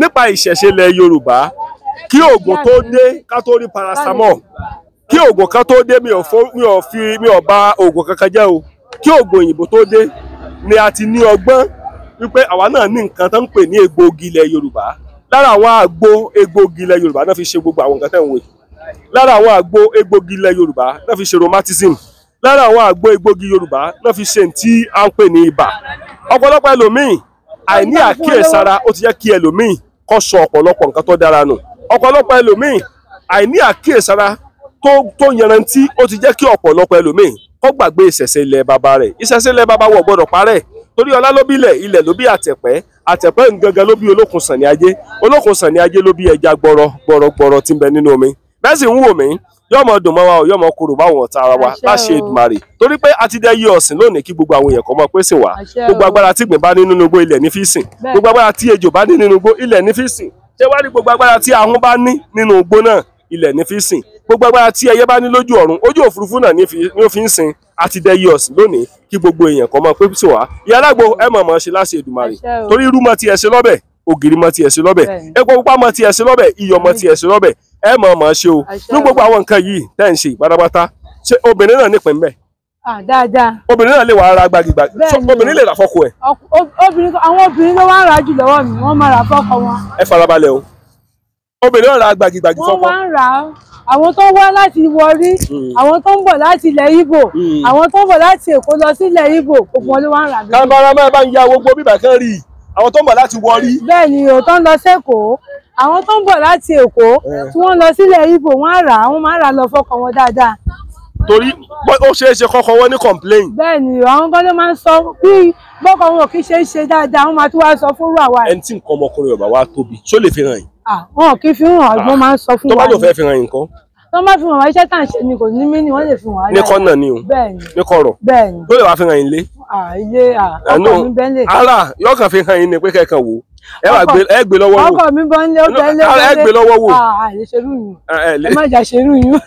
nípa ìṣẹ̀ṣe ilẹ̀ Yorùbá kí oògùn tó dé ká tó rí paracetamol kí oògùn kan tó dé mi ò fi mi ò bà oògùn kankan jẹ́ o kí oògùn òyìnbó tó dé ni a ti ní ọgbọ́n wípé àwa náà ní nǹkan tó ń pè ní egbòogi ilẹ̀ Yorùbá lára àwọn àgbo egbòogi ilẹ̀ Yorùbá náà fi ṣe gbogbo àwọn nǹkan tẹ̀ ń wò lára àwọn àgbo egbòogi ilẹ̀ Yorùbá náà fi ṣe romantism lára àwọn àgbo egbògi yorùbá lọ fi ṣe tí a ń pè ní ibà ọ̀pọ̀lọpọ̀ ẹlòmíì àìní àkíyèsára ó ti jẹ́ kí ẹlòmíì kọ sọ ọ̀pọ̀lọpọ̀ nǹkan tó dára nù ọ̀pọ̀lọpọ̀ ẹlòmíì àìní àkíyèsára tó tó ó ti jẹ́ kí kọ gbàgbé ìṣẹ̀ṣẹ̀ ilẹ̀ bàbá rẹ̀ ìṣẹ̀ṣẹ̀ ilẹ̀ bàbá wọ̀ gbọ́dọ̀ parẹ́ torí ọlá ló bí ilẹ̀ yóò mọ dùn mọ́ wa o yóò mọ korò báwọn ọ̀tá ara wa láṣẹ Èdùmàrè torí pé a ti dẹ yí ọ̀sìn lónìí kí gbogbo àwọn èèyàn kọ́ mọ pé sìn wá gbogbo agbára tí ìgbín bá ní nínú igbó ilẹ̀ ní fi sìn gbogbo agbára tí ejò bá ní nínú igbó ilẹ̀ ní fi sìn ṣé wá ní gbogbo agbára tí ahun bá ní nínú igbó náà ilẹ̀ ní fi sìn gbogbo agbára tí ẹyẹ bá ní lójú ọ̀run ojú òfurufú náà ní ó fi ń sìn àti dẹ yí ọ̀sìn lónìí kí gbogbo èèyàn kọ́ mọ pé sìn wá ìyá alágbo ẹ mọ̀ mọ̀ ṣe láṣẹ Èdùmàrè torí irú mọ ti ẹ̀ ṣe lọ́bẹ̀ ògiri mọ ti ẹ̀ ṣe lọ́bẹ̀ epo pupa mọ ti ẹ̀ ṣe lọ́bẹ̀ iyọ̀ mọ ti ẹ̀ ṣe lọ́bẹ̀ ẹ mọ̀ mọ̀ ṣe o ní gbogbo àwọn nǹkan yìí tẹ́ ń ṣe pátápátá ṣé obìnrin náà nípìn bẹ́ẹ̀. dáadáa. obìnrin náà lè wà ara gbagigba obìnrin lè rà fọ́kọ ẹ̀. àwọn obìnrin ló wá ń ra jù lọ́wọ́ mi wọ́n máa rà fọ́kọ wọn. ẹ farabalẹ̀ o obìnrin náà ra gbagigbagi fọ́kọ. wọ́n máa ń rà á àwọn tó ń wá láti wọrí hmm. àwọn tó ń bọ̀ láti ilẹ̀ Ìgbò hmm. àwọn tó ń bọ̀ láti Èkó lọ sí ilẹ̀ Ìgbò gbogbo wọn ló wá ń rà. kàńbára máa bá ń ya gbogbo bíbà kan rí àwọn tó ń bọ̀ láti wọrí. bẹ́ẹ̀ ni òótọ́ ń lọ sẹ́kọ̀ọ́ àwọn tó ń bọ̀ láti èkó tí wọ́n lọ sílẹ̀ ibo wọ́n á rà wọ́n máa rà lọ fọkàn wọn dáadáa. torí ó ṣeé ṣe kọ́kọ́ wọ́n ní complain. bẹ́ẹ̀ni àwọn kan ló máa ń sọ bí bọkọ wọn ò kí ṣe é ṣe dáadáa wọ́n máa tún wá sọ fúnrú àwa. ẹni tí nǹkan ọmọkùnrin ọba wa tóbi ṣó lè fi hàn yín. Ah, wọn ò kí fi hàn ọgbọ́n máa ń sọ fún wa. tó bá lò fẹ́ fi hàn yín nǹkan tó má fi wọn wá iṣẹ́ tá à ń ṣe ni kò ní mí ni wọ́n lè fi wọn wá. ní kọ́nà ni o bẹ́ẹ̀ni ní kọ̀rọ̀ bẹ́ẹ̀ni ló lè wá fi hàn yín lé. ilé ọkọ mi bẹ́ẹ̀lẹ̀. ara yóò kàn fi hàn yín ni pé kẹ́kàn wò ẹ gbé lọ́wọ́ wò ọkọ mi bọ́ńlé ó bẹ́ẹ̀lẹ̀ ẹ gbé lọ́wọ́ wò ẹ ṣerú yín ẹ má jà ṣerú yín.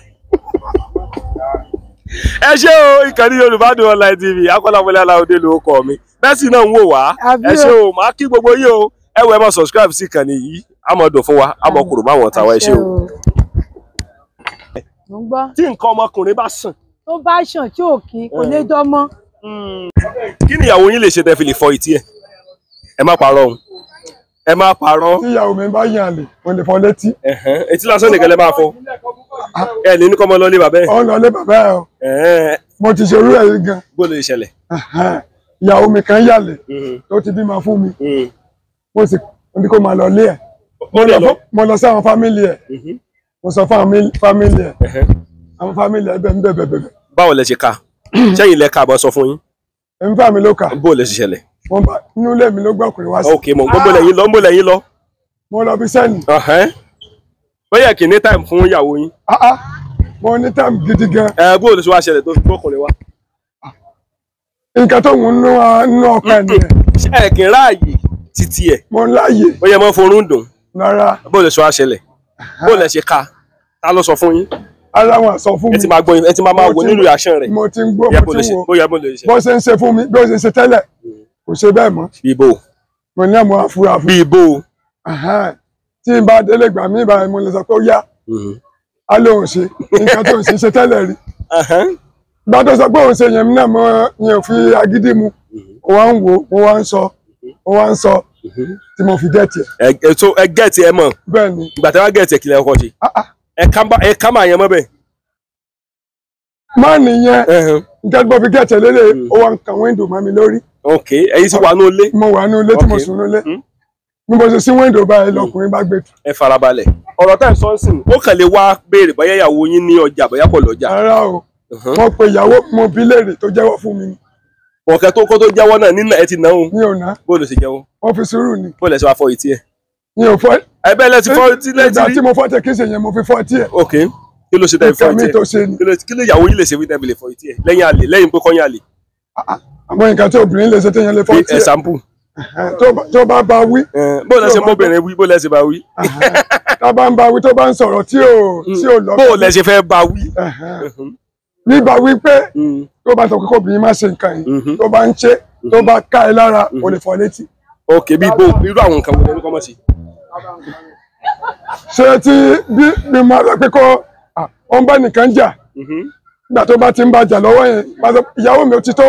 ẹ ṣé o ìkànnì Yorùbá Online TV akọ́láwọlé aláwọ̀dé ló kọ́ mi bẹ́ẹ̀ sì náà ń wò wá ẹ ṣé o màá kí gbogbo yín o ẹ wọ ẹ má subscribe sí ìkànnì yìí á mọ̀ dùn fún wa á mọ̀ kúrò báwọn tàwa ẹ ṣé o tí nǹkan ọmọkùnrin bá sàn. tó bá sàn tí ò kí kò lè eh. dánmọ. Hmm. kí ni ìyàwó yín lè ṣe tẹ́ fi lè fọ etí ẹ̀ ẹ má parọ́ òun ẹ má parọ́. tí ìyàwó mi bá yàn lè mo lè fọ létí. etí lásán nìkan lè máa fọ ẹ ní kọ́ ọmọ lọ́lé bàbá ẹ̀. ọ̀n lọ́lé bàbá ẹ̀ o mo ti ṣerú ẹ̀ gan. bó lè ṣẹlẹ̀. ìyàwó mi kan yàlè hmm. tó ti bímọ fún mi hmm. mo sì ní kó máa lọ lé ẹ̀ mo lọ sí àwọn fámìlì ẹ̀ mo sọ fámìlì ẹ̀ àwọn fámìlì ẹ̀ bẹ́ẹ̀ ń bẹ̀bẹ̀ bẹ̀bẹ̀. báwo lẹ ṣe ká sẹ́yìn lẹ ká àbọ̀ sọ fún yín. èmi fámi ló kà. bó lẹ ṣe ṣẹlẹ̀. mo bá inú ilé mi ló gbọ́kùnrin wá sí. ok mo gbọ́ lẹ́yìn lọ mo lẹ́yìn lọ. mo lọ bí sẹ́yìn. bóyá kì í ní táìmù fún ìyàwó yín. Ah, ah. mo ní táìmù gidi gan. ẹ bó lè ṣe wá ṣẹlẹ̀ tó fi gbọ́kùnrin wá. nǹkan tó ń nú ah, ọkọ ẹ̀ nìyẹn. ṣé ẹ̀ kì í ráàyè títí ẹ̀. mo ń láàyè. ó yẹ mọ́ forún dùn. rárá. bó lè ṣe wá ṣẹlẹ̀ bó lẹ ṣe ka ta ló sọ fún yín aláwọn sọ fún mi ẹ ti máa gbọ́ ẹ ti máa máa wò nílùú àṣán rẹ mo ti ń gbọ́ mo ti wò bó ṣe ń ṣe fún mi bó ṣe ń ṣe tẹ́lẹ̀ kò ṣe bẹ́ẹ̀ mọ́ bíbó mo ní àmọ́ àfúrà bíbó tí n bá délé gbà mí ìbára mo lè sọ pé ó yá mhm. a lóun ṣe nǹkan tó ń ṣe ṣe tẹ́lẹ̀ rí ìgbà tó sọ pé òun ṣe yẹn náà mo yẹn fi agídí mu òun mhm. wá ń wò òun wá ń sọ òun mhm. wá ń sọ tí mo fi gẹ̀ẹ́tì ẹ̀. ẹ so ẹ gẹ̀ẹ́tì ẹ mọ̀ bẹ́ẹ̀ni ìgbà tí wọ́n gẹ̀ẹ́tì ẹ kìlẹ̀ ọkọ̀ ṣe ah, ah. ẹ ká máa yẹn mọ́ bẹ́ẹ̀. máa nìyẹn nǹkan tí mo fi gẹ̀ẹ́tì ẹ lélẹ̀ hmm. ó wà ń kan wíńdò mọ́ mi lórí. ok ẹyin sì wà ní ilé. mo wà ní ilé tí mo sùn ní ilé hmm. bí mo ṣe sí wíńdò báyìí hmm. lọkùnrin bá gbé ẹ farabalẹ̀ ọ̀rọ̀ tá ẹ̀ sọ ń sìn ó kàn lè wá béèrè báyà ìyàwó yín ní ọjà báyà kọ̀ lọ́jà. o mo pe ìyàwó mo bí léèrè tó ọ̀kẹ́ tó kó tó jáwọ́ náà nínà ẹ ti nà ó. mi ò ná. bó ló ṣe jẹun. wọ́n fi sùúrù ni. bó lẹ ṣe wá fọ etí ẹ. mi ò fọ. ẹ̀bẹ̀ lẹ ti fọ etí lẹ ti ìgbà tí mo fọ tẹ kí n ṣe yẹn mo fi fọ etí ẹ. ok kí ló ṣe tẹ fọ etí ẹ. ìkàmí tó ṣe ni. kí ló ìyàwó yìí lè ṣe wí tẹ̀bí lè fọ etí ẹ lẹ́yìn àlè lẹ́yìn pé kọ́yìn àlè. àwọn nǹkan tí obìnrin lè ṣe téèyàn lè fọ etí ẹ. example. tó bá bá wí. bó lẹ ṣe mọ́bìnrin wí bó lẹ ṣe bá wí. tá a bá ń bá wí tó bá ń sọ̀rọ̀ tí ò lọ. bó lẹ ṣe fẹ́ bá wí nígbà wípé hmm. tó bá sọ pé kóbìnrin má ṣe nǹkan yìí hmm. tó bá ń ṣe tó bá ká ẹ lára hmm. o lè fọ létí. ok bí bó irú àwọn nǹkan wo lórúkọ mọ̀ sí. ṣé tí bí mi máa sọ pé kó ọ ń bá nìkan jà mhm. nígbà tó bá ti ń bá jà lọ́wọ́ yẹn ìyàwó mi ò ti tó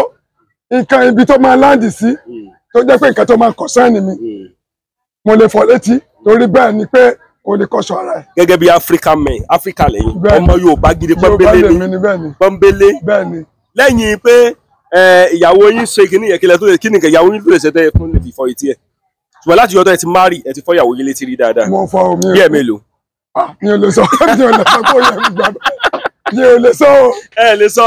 nǹkan ibi tó máa láǹdì sí tó jẹ́ pé nǹkan tó máa kọ̀ sáànì mi mo lè fọ létí torí bẹ́ẹ̀ ni pé O lè kọ́ṣọ́ ara ẹ̀. gẹ́gẹ́ bí african men african lẹ́yìn ọmọ yorùbá gidi pọ́nbélé ni pọ́nbélé lẹ́yìn pé ìyàwó yín ṣe kíní yẹn kílẹ̀ tó lè kíní ìyàwó yín tó lè ṣe tẹ́ ẹ fún lè fi fọ etí ẹ̀ ṣùgbọ́n láti yọtọ̀ ẹ ti márì ẹ ti fọ́ ìyàwó yín létí rí dáadáa bí ẹ̀ mélòó. Ah, mi ò lè sọ mi ò lè sọ kó yẹ mi gbàgbọ́ mi ò lè sọ o. ẹ lè sọ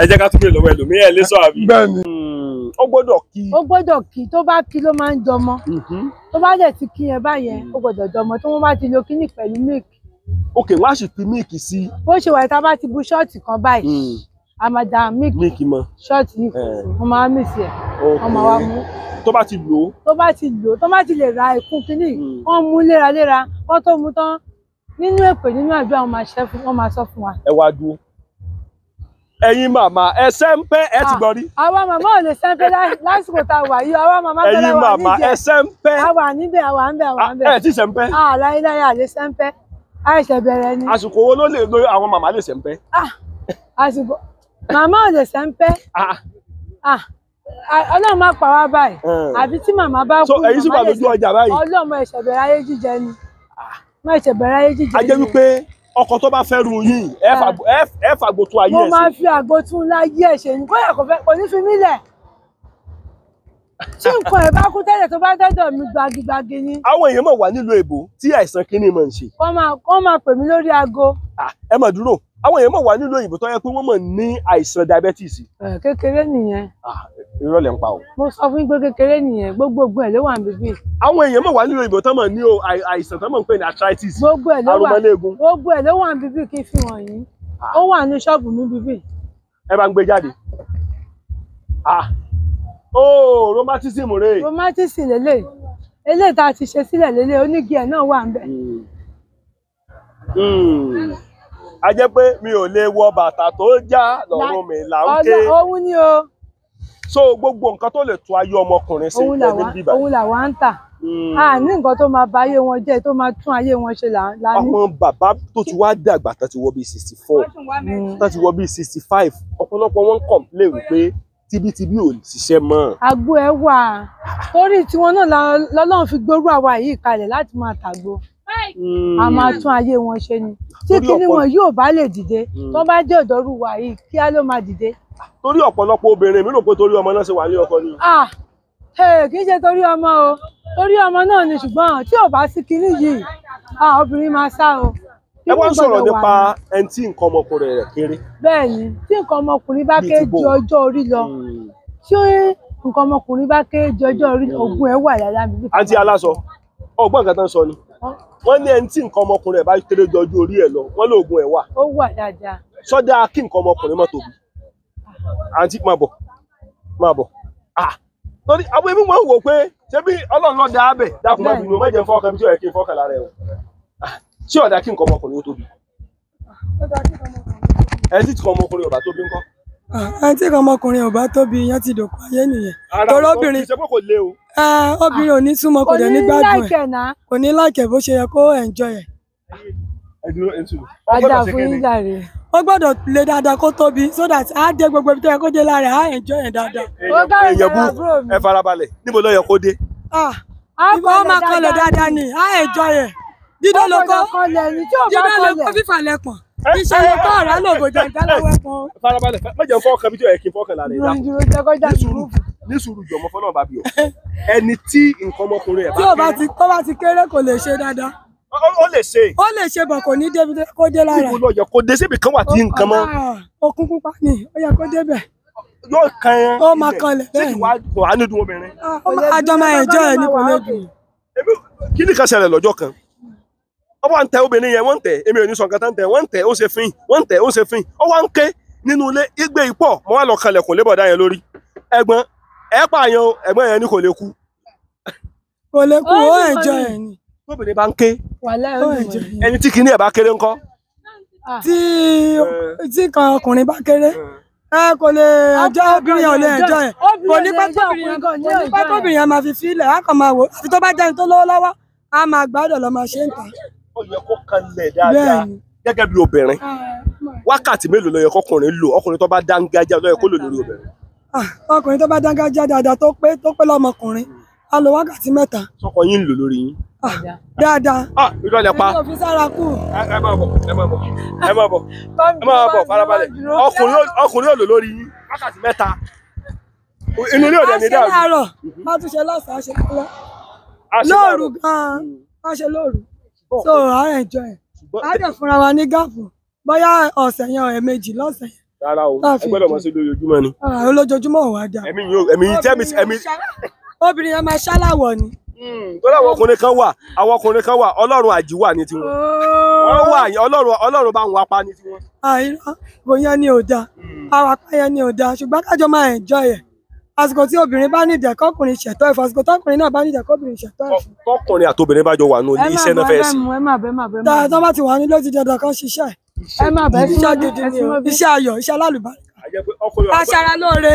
ẹ jẹ́ ká tún lè lọ́wọ́ ẹlòmíì ẹ lè sọ àbí. bẹ́ẹ̀ hmm ó gbọ́dọ̀ kí. ó gbọ́dọ̀ kí tó bá kí ló máa ń jọmọ mm-hmm. tó bá dẹ̀ ti kí yẹn báyẹn mm. ó gbọ́dọ̀ jọmọ tí wọ́n bá ti lo kíní pẹ̀lú milk. ok wọ́n á sì fi milk sí. bó ṣe wà tá a bá ti bu ṣọ́ọ̀tì kan báyìí mm. a máa da milk ṣọ́ọ̀tì yìí wọ́n eh. máa mix ẹ̀ wọ́n máa wá mú tó bá ti lò ó. tó bá ti lò ó tó bá ti lè ra ìkún kínní mm. wọn mú léraléra wọn tó mú tán nínú èpè nínú àdúrà wọn máa sọ fún wa. ẹ wá dúró ẹ̀yin màmá ẹ sẹ́ńpẹ́ ẹ ti ah, gbọ́ rí. àwa màmá ò lè sẹ́ńpẹ́ lásìkò tá a wà yìí àwa màmá bẹ̀rẹ̀ wà níjẹ ẹ̀yin màmá ẹ sẹ́ńpẹ́. àwa níbẹ̀ àwa níbẹ̀ àwa níbẹ̀. Ah, ẹ ti sẹ́ńpẹ́. àláìláì ah, àlè sẹ́ńpẹ́ àìsẹ̀ bẹ̀rẹ̀ ni. àsìkò wo ló lè lo àwọn màmá lè sẹ́ńpẹ́. àsìkò màmá ò lè sẹ́ńpẹ́. ọlọ́run máa pa wá báyìí eh. àbí tí màmá bá kú màmá lè sẹ́ńpẹ́ ọlọ́run ọkọ tó bá fẹ́ ru yìí ẹ fàgbò ah. tó ayé ẹ sí. mo máa fi àgbo tún láyé ẹ ṣe ní kóyà kò fẹ́ kò ní fi mí lẹ̀. tí nǹkan ẹ̀ bá kú tẹ́lẹ̀ tó bá dẹ́dọ̀ mi gbagigbagi ni. àwọn èèyàn máa wà nílùú èbó tí àìsàn kínní máa ń ṣe. wọ́n máa pè mí lórí aago. Ah, ẹ máa dúró àwọn èèyàn mọ̀ wà nílùú òyìnbó tó yẹ pé wọ́n mọ̀ ní àìsàn diabetes. kékeré nìyẹn. irọ́ lẹ̀ ń pa o. mo sọ fún yín pé kékeré nìyẹn gbogbogbò ẹ̀ ló wà níbí. àwọn èèyàn mọ̀ wà nílùú òyìnbó tó mọ̀ ní àìsàn tó mọ̀ ń pè ní arthritis. gbogbo ẹ̀ ló wà gbogbo ẹ̀ ló wà níbí kí n fi wọ̀nyí. ó wà ní ṣọ́ọ̀bù mi bíbí. ẹ bá ń gbé jáde. oh romanticism rè. romanticism lélẹ̀ eléyìí tá a ti ṣe sílẹ̀ lélẹ̀ onígi ẹ̀ náà wà ń bẹ̀. Hmm. Hmm a jẹ́ pé mi ò lè wọ bàtà tó já lọ́rùn mi là ń ké òun ni o so gbogbo nǹkan tó lè tú ayé ọmọkùnrin sí ẹni bíbá òun làwa ń tà hmm. a ní nǹkan tó máa ba ayé wọn jẹ́ tó máa tún ayé wọn ṣe là ní. àwọn bàbá tó ti wá dàgbà tán ti wọ bíi sixty four tán ti wọ bíi sixty five ọ̀pọ̀lọpọ̀ wọn ń kọ̀m̀plé wípé tibítibí ò ṣiṣẹ́ mọ́. àgbo ẹ wà torí tiwọn náà lọ́lọ́run fi gbórú àwa yìí kalẹ̀ láti máa tàgbo. Mm. a máa tún ayé wọn ṣe ni tí kinní wọn yóò bá lè dìde mm. tó bá jẹ́ ọ̀dọ́rú wa yìí kíá ló máa dìde. torí ọ̀pọ̀lọpọ̀ obìnrin mi rò pé torí ọmọ náà ṣe wà ní ọkọ ni. Ah, kì í ṣe torí ọmọ o torí ọmọ náà ni ṣùgbọ́n tí ò bá sí kinní yìí ah, obìnrin máa sá o ẹ wá ń sọ̀rọ̀ nípa ẹni tí nǹkan ọmọkùnrin rẹ̀ kéré. bẹ́ẹ̀ni tí nǹkan ọmọkùnrin bá kéré ju ọjọ́ orí lọ ṣé mm. nǹkan ọmọkùnrin bá kéré ju ọjọ́ orí lọ ogun ẹ wà yàrá mi. àǹtí aláṣọ ọgbọ́n nǹkan tó sọ ni wọ́n ní ẹni tí nǹkan ọmọkùnrin ẹ̀ bá kéré jọjú orí ẹ̀ lọ wọ́n lóògùn ẹ̀ wà. ó wà dáadáa. sọ́dá kí nǹkan ọmọkùnrin má tóbi àǹtí máa bọ̀ máa bọ̀ torí àwọn èmi máa ń wò pé ṣebí ọlọ́run lọ́ọ́ dáa bẹ̀ dákun má bínú má jẹ́ fọ́ọ̀kan bí tí ọ̀yẹ́ kí n fọ́ọ̀kan lára ẹ̀ o tí ọ̀dà kí nǹkan ọmọkùnrin ó tóbi ẹ̀ tí nǹkan ọmọkùnrin ọ̀bà tóbi ńkọ́. àǹtí nǹkan ọmọkùnrin ọ̀bà tóbi yẹn ti dòkú ayé nìyẹn. ara ọkọ kì Ah, obìnrin ò ní túmọ̀ kò dẹ̀ ní gbádùn ẹ̀ kò ní láìkẹ̀ bó ṣe yẹ kó enjoy ẹ̀. ajá fún gbọ́dọ̀ lè dáadáa kó tóbi so that á dé gbogbo ibi tó yẹ kó dé lára á enjoy ẹ̀ dáadáa. ó ẹ farabalẹ̀ níbo ló yẹ kó dé. Ah, ìbọn ó máa kọlẹ̀ dáadáa ni á enjoy ẹ̀ dídó lóko dídó lóko fífà lẹ́pọ̀n ìṣẹ̀lẹ̀ tó ọ̀rá lògò jàǹdà kan. farabalẹ̀ mẹ́jọ fọ́ọ̀kan bí tí ò yẹ kí fọ́ọ̀kan lálẹ́ ìdá ní sùúrù jọmọ fọlọ́n bá bí o ẹni tí nǹkan ọmọkùnrin ẹ̀ bá kéré. tí o bá ti tó bá ti kéré kò lè ṣe dáadáa. ó lè ṣe. ó lè ṣe bọ̀ kò ní débi kó dé lára. ibo ló yẹ kó dé síbi kan wà tí nǹkan mọ́. okun pupa ni ó yẹ kó débẹ̀. yóò kan ẹ. ó máa kanlẹ̀ bẹ́ẹ̀ ni. kò wá nídùú obìnrin. àjọ ah, máa ẹ̀jọ́ ẹ̀ ní kò lè dùn. kí ni kan ṣẹlẹ̀ lọ́jọ́ kan ó wá ń tẹ obìnrin yẹn wọ́n ń tẹ èmi ò ní sọ nǹkan tẹ wọ́n ń tẹ ó ṣe fín wọ́n ń tẹ ó ṣe fín ó wá ń ké nínú ilé igbe ipò mo wá lọ kanlẹ̀kùn lébọ̀dá yẹn lórí ẹ̀gbọ́n ẹ pààyàn ẹ̀gbọ́n yẹn ni kò lè kú. kò lè kú ó ẹjọ ẹ ni. tóbìnrin bá ń ké ẹni tí kinní ẹ bá kéré ńkọ́. Ah. tí eh. tí kan ọkùnrin bá kéré ẹ eh. kò lè ah, ẹjọ obìnrin ò lè ẹjọ ẹ kò ní pẹpẹ obìnrin kò ní pẹpẹ obìnrin ẹ máa fi filẹ̀ á kàn máa wò àfi tó bá jẹun tó lọ́wọ́ lọ́wọ́ á máa gbádùn lọ máa ṣe ń ta. ó yẹ kó kanlẹ̀ dáadáa gẹ́gẹ́ bí obìnrin ah, wákàtí mélòó ló yẹ kọkùnrin lò ọkùnrin tó bá dáńgájá ló yẹ kó lò lórí obìnrin ọkùnrin tó bá dángájá dáadáa tó pé tó pé lọmọkùnrin a lo wákàtí mẹ́ta. sọkọ yín ń lò lórí yín. Ah, dáadáa. ah irọ́ lẹ pa. èmi ò fi sára ẹ máa bọ̀ ẹ máa bọ̀ ẹ máa bọ̀ ẹ máa bọ̀ farabalẹ̀ ọkùnrin ò lò lórí yín wákàtí mẹ́ta inú ilé òde ní a ṣe láàárọ̀ má tún ṣe lọ́sàn-án ṣe kúlẹ̀ lóòrù gan-an má ṣe lóòrù so I enjoy. a dẹ̀ fúnra wa ní gáàpù bóyá ọ̀sẹ̀ yẹn ọ̀rẹ́ méjì lọ́sẹ̀ yẹn rárá o ẹ gbọ́dọ̀ mọ̀ sí lójoojúmọ́ ni. olójoojúmọ́ ah, ò wá dà. ẹ̀mí yóò ẹ̀mí yìí tẹ́mi ẹ̀mí. obìnrin yẹn máa ṣáláwọ̀ ni. Hmm, tọ́lá àwọn ọkùnrin kan wà àwọn ọkùnrin kan wà ọlọ́run àjí wà ní tiwọn. Oh. wọ́n wà ọlọ́run ọlọ́run bá wọn apá ní tiwọn. àìrọ ah, kò yẹn ni ò da hmm. àwọn apá yẹn ni ò da ṣùgbọ́n kájọ máa enjoy ẹ̀ àsìkò tí obìnrin bá nídẹ̀ kọkùnrin ṣẹ̀tọ́ ìfọ̀ àsìkò tọkùnrin náà bá nídẹ̀ kọkùnrin ṣẹ̀tọ́ ìfọ̀. tọkùnrin àtobìnrin bá jọ wà ní iṣẹ́ náà fẹ́ẹ́ sí. ẹ má bẹ́ẹ̀ má bẹ́ẹ̀ má bẹ́ẹ̀ má. dáadáa tó bá ti wà ní ló ti dandan kan ṣiṣẹ́ ẹ̀ ẹ máa bẹ sí ọdún ẹsìn mọ bí iṣẹ́ ayọ̀ iṣẹ́ alálùbáríkà aṣara lóore.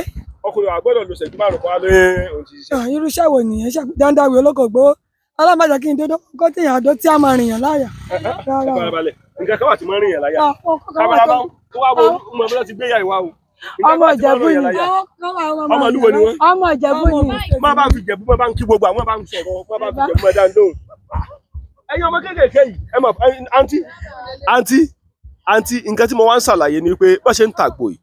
ọkùnrin àgbọ̀dọ̀ lọ ṣẹ́jú márùn-ún pa lé òṣìṣẹ́. irúṣẹ́ wo nìyẹn ṣe dandawe olóko gbowó alábàjẹ́ kí n dédó kó tí ìyá àdó tí a máa rìnyàn láyà. nǹkan kan wà tí máa rìnyàn láyà ah, oh, kábàlábá tó wà wo ah. ọmọ ìbílẹ̀ ti gbé ìyá ìwà o. Oh, ọmọ ìjẹ̀bú ni ọmọ ìlú wo ni wọ́n. ọmọ ìjẹ̀bú ni. má bá fi ìjẹ̀bú má bá ń kí gbogbo àwọn bá ń sọ̀rọ̀ má bá fi ìjẹ̀bú má dá lóhùn. ẹ̀yin ọmọ kéékèèké yìí ẹ mọ̀ àǹtí àǹtí àǹtí nǹkan tí mo wá ń ṣàlàyé ni pé bá ṣe ń tàgbò yìí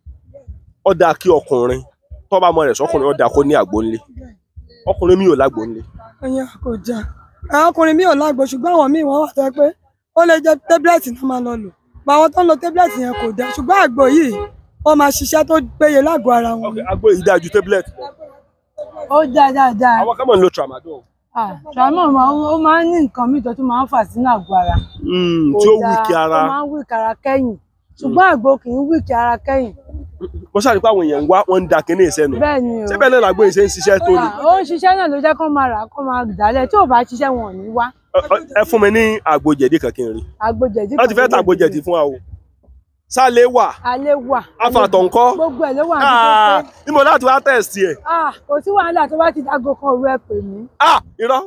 ó dáa kí ọkùnrin tó bá mọ rẹ̀ sọkùnrin ó dáa kó ní àgbo ńlé ọkùnrin mi ò lágbo ńlé. ẹyin kò já àwọn ọkùnrin mi ò lágbo ṣùgbọ́n àwọn míì wọ́n wà tẹ́ pé ó lè jẹ tẹ́bílẹ̀tì náà máa lọ lò bá àwọn tó ń lo tẹ́bílẹ̀tì yẹn kò dáa ṣùgbọ́n àgbo yìí wọ́n máa ṣiṣẹ́ tó péye lágọ̀ọ́ ara wọn. àgbo yìí dáa ju tẹ́bílẹ̀tì. ó dáa dáa dáa. àwọn kan ń lo tramadol. Ah, ṣàmọ́ ó máa ń ní nǹkan míì tó tún máa ń fà sínú àgọ́ ara. Hmm, tí ó wíìkì ara. ó máa ń wíìkì ara kẹ́yìn ṣùgbọ́n àgbo kì í wíìkì ara kẹ́yìn. mo ṣàrí pé àwọn èèyàn ń wá wọn ń da kinní ìsẹ́nu. o síbẹ̀ náà làgbo ìṣe ń ṣiṣẹ́ tó ni. ó ń ṣiṣẹ́ náà ló jẹ́ kó máa rà kó máa dálẹ̀ tí ò bá ṣiṣẹ́ wọn ò ní wá. ẹ fún mi ní àgbo jẹ̀dí kan rí. àgbo jẹ̀dí kan rí. wọ́n fẹ́ ta àgbo jẹ̀dí fún wa o sálé wà. alé wà. afatọ̀ ńkọ́. gbogbo ẹ̀ ló wà ní ah, pẹ́pẹ́. níbo láti wá tẹ̀sí ẹ̀. Ah, kò sí wàhálà tó bá ti dago kan òru ẹ pè mí. Ah, irọ́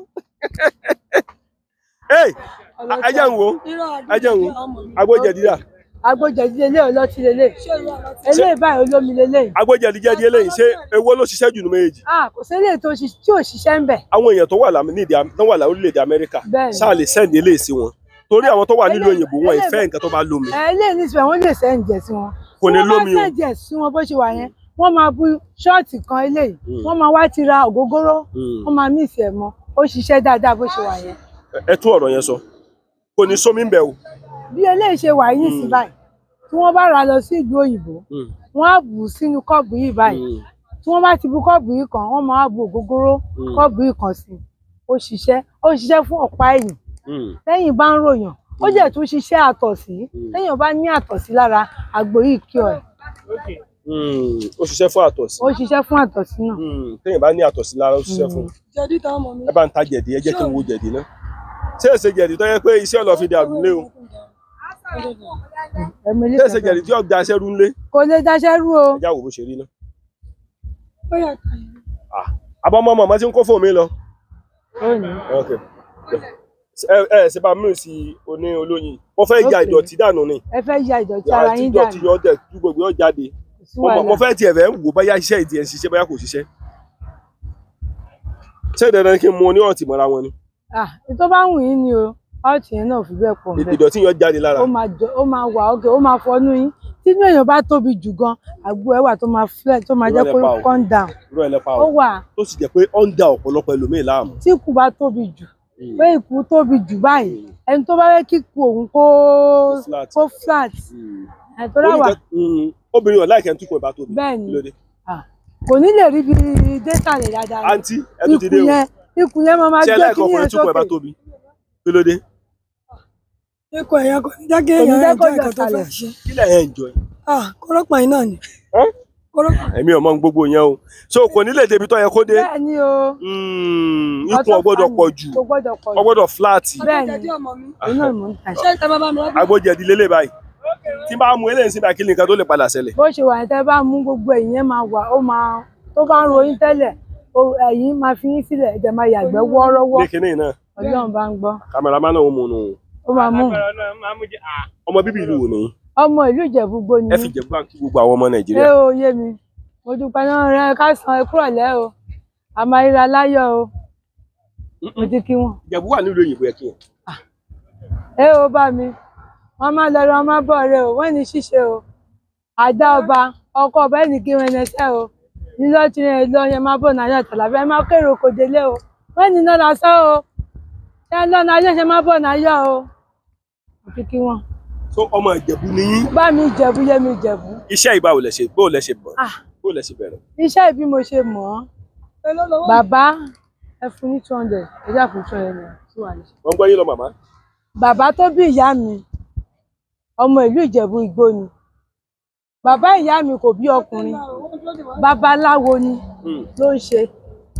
ẹ jẹ́ ń wo ẹ jẹ́ ń wo agbójẹ̀dídà. agbójẹ̀dídà ilé ọlọ́tí lélẹ̀ ilé ìbáyìí olómi lélẹ̀. agbójẹ̀díjẹ̀dí eléyìí ṣé èwo ló ṣiṣẹ́ jù nínú méjèèjì. kò sí eléyìí tí ò ṣiṣẹ́ ń bẹ̀. àwọn èèyàn tó wà lórílẹ̀-èdè Amẹ́ríkà sáà lè sẹ́ndí eléyìí sí wọn torí àwọn tó wà nílùú òyìnbó wọn ìfẹ́ nǹkan tó bá lómi. eléyìí ní ìsìnkú wọn lè sẹ́ ǹjẹ́ sí wọn. kò ní lómi o wọn bá sẹ́jẹ̀ sí wọn bó ṣe wà yẹn wọ́n máa bu ṣọ́ọ̀tì kan eléyìí hmm. wọ́n máa wá ti ra ògógóró hmm. wọ́n máa mí ìfẹ́ mọ́ ó ṣiṣẹ́ dáadáa bó ṣe wà yẹn. ẹ tú ọ̀rọ̀ yẹn sọ kò ní sómi ń o. bí eléyìí ṣe wà yìí sí hmm. báyìí tí wọ́n bá ra lọ sí ìlú òyìnbó wọ́n á bù sínú kọ́ọ̀bù yìí báyìí tí wọ́n bá ti bu kọ́ọ̀bù yìí kan wọ́n máa bu ògógóró kọ́ọ̀bù yìí kan sí ó ṣiṣẹ́ ó ṣiṣẹ́ fún ọ̀pá ẹ̀yìn lẹ́yìn hmm. bá ń ròyàn ó hmm. jẹ́ tún ṣiṣẹ́ àtọ̀sí lẹ́yìn hmm. bá ní àtọ̀sí lára àgbo yìí kí ọ ẹ̀. ó ṣiṣẹ́ fún àtọ̀sí. ó ṣiṣẹ́ fún àtọ̀sí náà. lẹ́yìn bá ní àtọ̀sí lára ó ṣiṣẹ́ fún. jẹ̀dí táwọn ọmọ mi. ẹ bá ń ta jẹ̀dí ẹ jẹ́ kí n wo jẹ̀dí náà. ṣé èsè jẹ̀dí tó yẹ pé iṣẹ́ lọ fi dàrú lé o. ṣé èsè jẹ̀dí tí yóò daṣẹ́ rú lé. kò lè daṣẹ́ rú o. ẹ já wò bó ṣe rí náà. àbọ̀mọ́mọ́ mo ti ń kó fóònù mi lọ. ok ẹ ṣe bá mìíràn si oní olóyin wọ́n fẹ́ ya ìdọ̀tí dànù ni ẹ fẹ́ ya ìdọ̀tí ara yín dànù ìdọ̀tí yọ ọdẹ tú gbogbo yọ jáde mo fẹ́ tiẹ̀ fẹ́ wò báyà iṣẹ́ ìdí ẹ̀ ń ṣiṣẹ́ báyà kò ṣiṣẹ́ ṣé dandan kí n mu oníwọ̀n tì mọ́ra wọn ni. ah tó bá wù yín ni o ọ̀tí yẹn náà fi bẹ́ẹ̀ pọ̀ mẹ́ ìdọ̀tí yọ jáde lára ó máa wà ókè ó máa fọnú yín tínú èèyàn bá tóbi jù gan àgbo ẹwà tó máa flẹ tó máa jẹ pé calm down ó wà tó sì jẹ pé under ọ̀pọ̀lọpọ̀ ẹlòmíì láàmú tí kù bá tóbi jù Hmm. pé ìkú tóbi jù báyìí hmm. ẹni tó bá fẹ́ kíkú òun kó kó flat hmm. ẹ̀tọ́ láwà. obìnrin ọ̀la ìkẹ́ ń túkọ̀ ìbá tóbi lóde. kò ní lè rí bí dẹ́ta lè dáadáa. àǹtí ẹ ti dé o ikú yẹn máa máa jẹ́ kí ní ẹ sókè kí ló dé. ikú ẹ̀yà kò ní jẹ́ kí èèyàn ẹ̀jọ́ ìkọ̀ tó fẹ́ ṣe. kí lẹ̀ ẹ̀ ń jọ yìí. kọ́lọ́pàá yìí ni èmi ò mọ gbogbo yẹn o so kò ní débi tó yẹ kó dé bẹ́ẹ̀ni o hmm, ikùn ọgbọ́dọ̀ pọ̀ jù ọgbọ́dọ̀ fúláàtì bẹ́ẹ̀ni ṣé n tẹmọ bá mi lọ. agbójẹ̀dì lélẹ̀ báyìí tí bá mú eléyìí síbi àkíní nǹkan tó lè padà ṣẹlẹ̀. bó ṣe wà ní tẹ bá mú gbogbo ẹ̀yìn máa wà ó máa tó bá ń ròyìn tẹ́lẹ̀ ẹ̀yìn máa fi yín sílẹ̀ ẹ̀jẹ̀ máa yàgbẹ́ wọ́ọ́rọ́wọ́. ní kinní náà Ọlọ́run bá ń gbọ́. kàmẹ́rámánà ó mú un. ó máa mú un. Ah. ọmọ bíbí ìlú wò ni ọmọ ìlú ìjẹ̀búgbó ni. ẹ fi jẹ̀bú àti gbogbo àwọn ọmọ nàìjíríà. ẹ o yé mi mo dúpẹ́ náà rẹ ká san ẹ lẹ́ o a máa ríra láyọ̀ o mo ti kí wọn. jẹ̀bú wà nílùú òyìnbó ẹ kí wọn. Ah. ẹ o bá mi wọn máa lọ rẹ wọn máa bọ̀ rẹ o wọn ní ṣíṣe o àdá ọba ọkọ ọba ẹnì kí wọn ẹnẹsẹ o nílọ tí ẹ lọ yẹn máa bọ̀ náírà tàlàbí ẹ máa kéré oko délé o wọn ní náírà sọ o ẹ lọ náírà yẹn máa bọ̀ náírà o mo ti kí wọn so ọmọ ìjẹ̀bú ni yín. bá mi ìjẹ̀bú yé mi ìjẹ̀bú. iṣẹ́ ìbáwo lẹ ṣe bó lẹ ṣe bọ̀ ah. bó lẹ ṣe bẹ̀rẹ̀. iṣẹ́ ìbí mo ṣe mọ̀ ọ́ bàbá ẹ fún ní two hundred ẹ jà fún two hundred naira two hundred. wọ́n gbọ́ yín lọ màmá. bàbá tó bí ìyá mi ọmọ ìlú ìjẹ̀bú igbó ni bàbá ìyá mi kò bí ọkùnrin babaláwo ni hmm. ló ń ṣe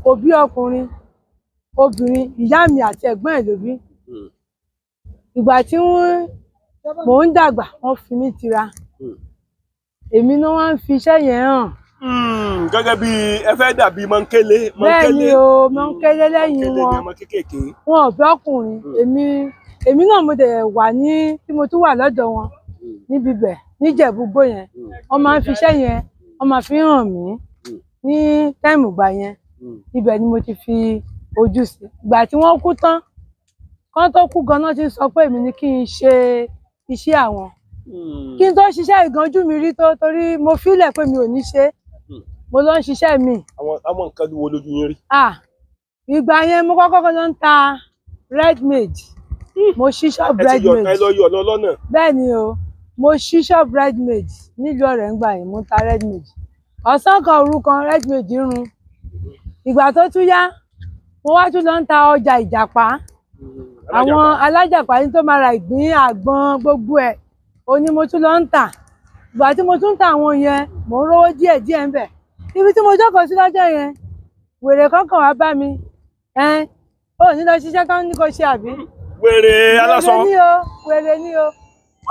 kò bí ọkùnrin obìnrin ìyá mi àti ẹ̀gbọ́n ẹ̀ ló hmm. ìgbà tí wọ́n mò ń dàgbà wọ́n fi mí tira èmi náà wá ń fi iṣẹ́ yẹn hàn. Hmm, gẹ́gẹ́ bí ẹ fẹ́ dàbí mọ́ńkélé. bẹ́ẹ̀ ni o mọ́ńkélé lẹ́yìn wọn wọn ò fẹ́ ọkùnrin hmm. èmi èmi náà mo dẹ̀ wà ní tí mo tún wà lọ́dọ̀ wọn hmm. níbi bẹ̀ níjẹ̀búgbò yẹn wọ́n máa ń fi iṣẹ́ yẹn wọ́n máa fi hàn mí ní táìmù gbà yẹn ibẹ̀ ni mo ti fi ojú sí ìgbà tí wọ́n kú tán kán tó kú ganan ti sọ pé èmi ni kí n ṣe iṣẹ́ àwọn hmm. kí n tó ṣiṣẹ́ ìganjú mi rí tó torí mo fílẹ̀ pé mi ò ní ṣe hmm. mo lọ ń ṣiṣẹ́ mi. àwọn àwọn nǹkan wo lójú yín rí. ìgbà yẹn mo kọ́kọ́ lọ ń ta red maid hmm. mo ṣí shop red maid. ẹ ti yọ ẹ lọ yọ lọ́nà. bẹ́ẹ̀ ni o mo ṣí shop red maid nílùú ọ̀rẹ́ ń gbà yẹn mo ń ta red maid ọ̀sán kan òru kan red ìgbà tó tún yá mo wá tún lọ ń ta ọjà ìjàpá àwọn alájàpá ní tó máa ra ìgbín àgbọn gbogbo ẹ̀ òní mo tún lọ ń tà ìgbà tí mo tún ń tà àwọn yẹn mò ń rówó díẹ̀ díẹ̀ ń bẹ̀ ibi tí mo jókòó sí lọ́jọ́ yẹn wèrè kọ́kàn wá bá mi ẹn ò ní lọ ṣiṣẹ́ tó ń ní kó ṣe àbí. wèrè alásán wèrè ni o wèrè ni o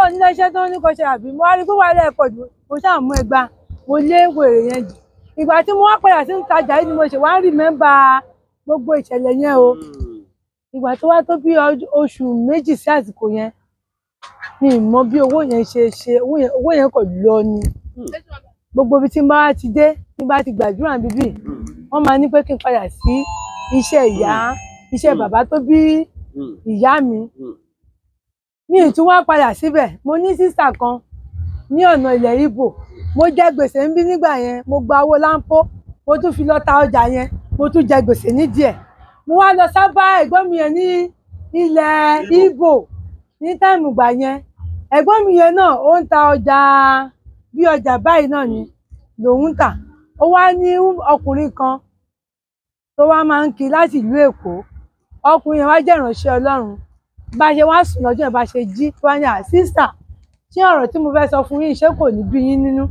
ò ní lọ ṣiṣẹ́ tó ń ní kó ṣe àbí mo wá rí gbówó alẹ́ pọ̀ jù mo ṣáà mú ẹgbàá mo lé wèrè yẹn jù ìgbà tí mo wá padà sí ń tajà yìí ni mo ṣe wá ń rìmẹ́ńbà gbogbo ìṣẹ̀lẹ̀ yẹn o. Hmm ìgbà tó wá tó bí oṣù méjì sí àsìkò yẹn mi mọ bí owó yẹn ṣe ṣe owó yẹn kò lọ ni gbogbo ibi tí n bá wá ti dé tí n bá ti gbàdúrà bíbí wọn máa ní pé kí n padà sí iṣẹ́ ìyá iṣẹ́ bàbá tó bí ìyá mi mi ì tún wá padà síbẹ̀ mo ní sísà kan ní ọ̀nà ilẹ̀ Ìgbò mo jẹ gbèsè ń bí nígbà yẹn mo gba owó láńpó mo tún fi lọ ta ọjà yẹn mo tún jẹ gbèsè nídìí ẹ̀ mo wá lọ sábà ẹ̀gbọ́n mi yẹn ní ilẹ̀ Ìgbò ní táìmù gbà yẹn ẹ̀gbọ́n mi yẹn náà ó ń ta ọjà bí ọjà báyìí náà ni lòun ń tà ó wá ní ọkùnrin kan tó wá máa ń kí láti ìlú Èkó ọkùnrin yẹn wá jẹ́ ìránṣẹ́ Ọlọ́run bá ṣe wá sùn lọ́jọ́ yẹn bá ṣe jí wá ní àsísà ṣé ọ̀rọ̀ tí mo fẹ́ sọ fún yín ṣé kò ní bí yín nínú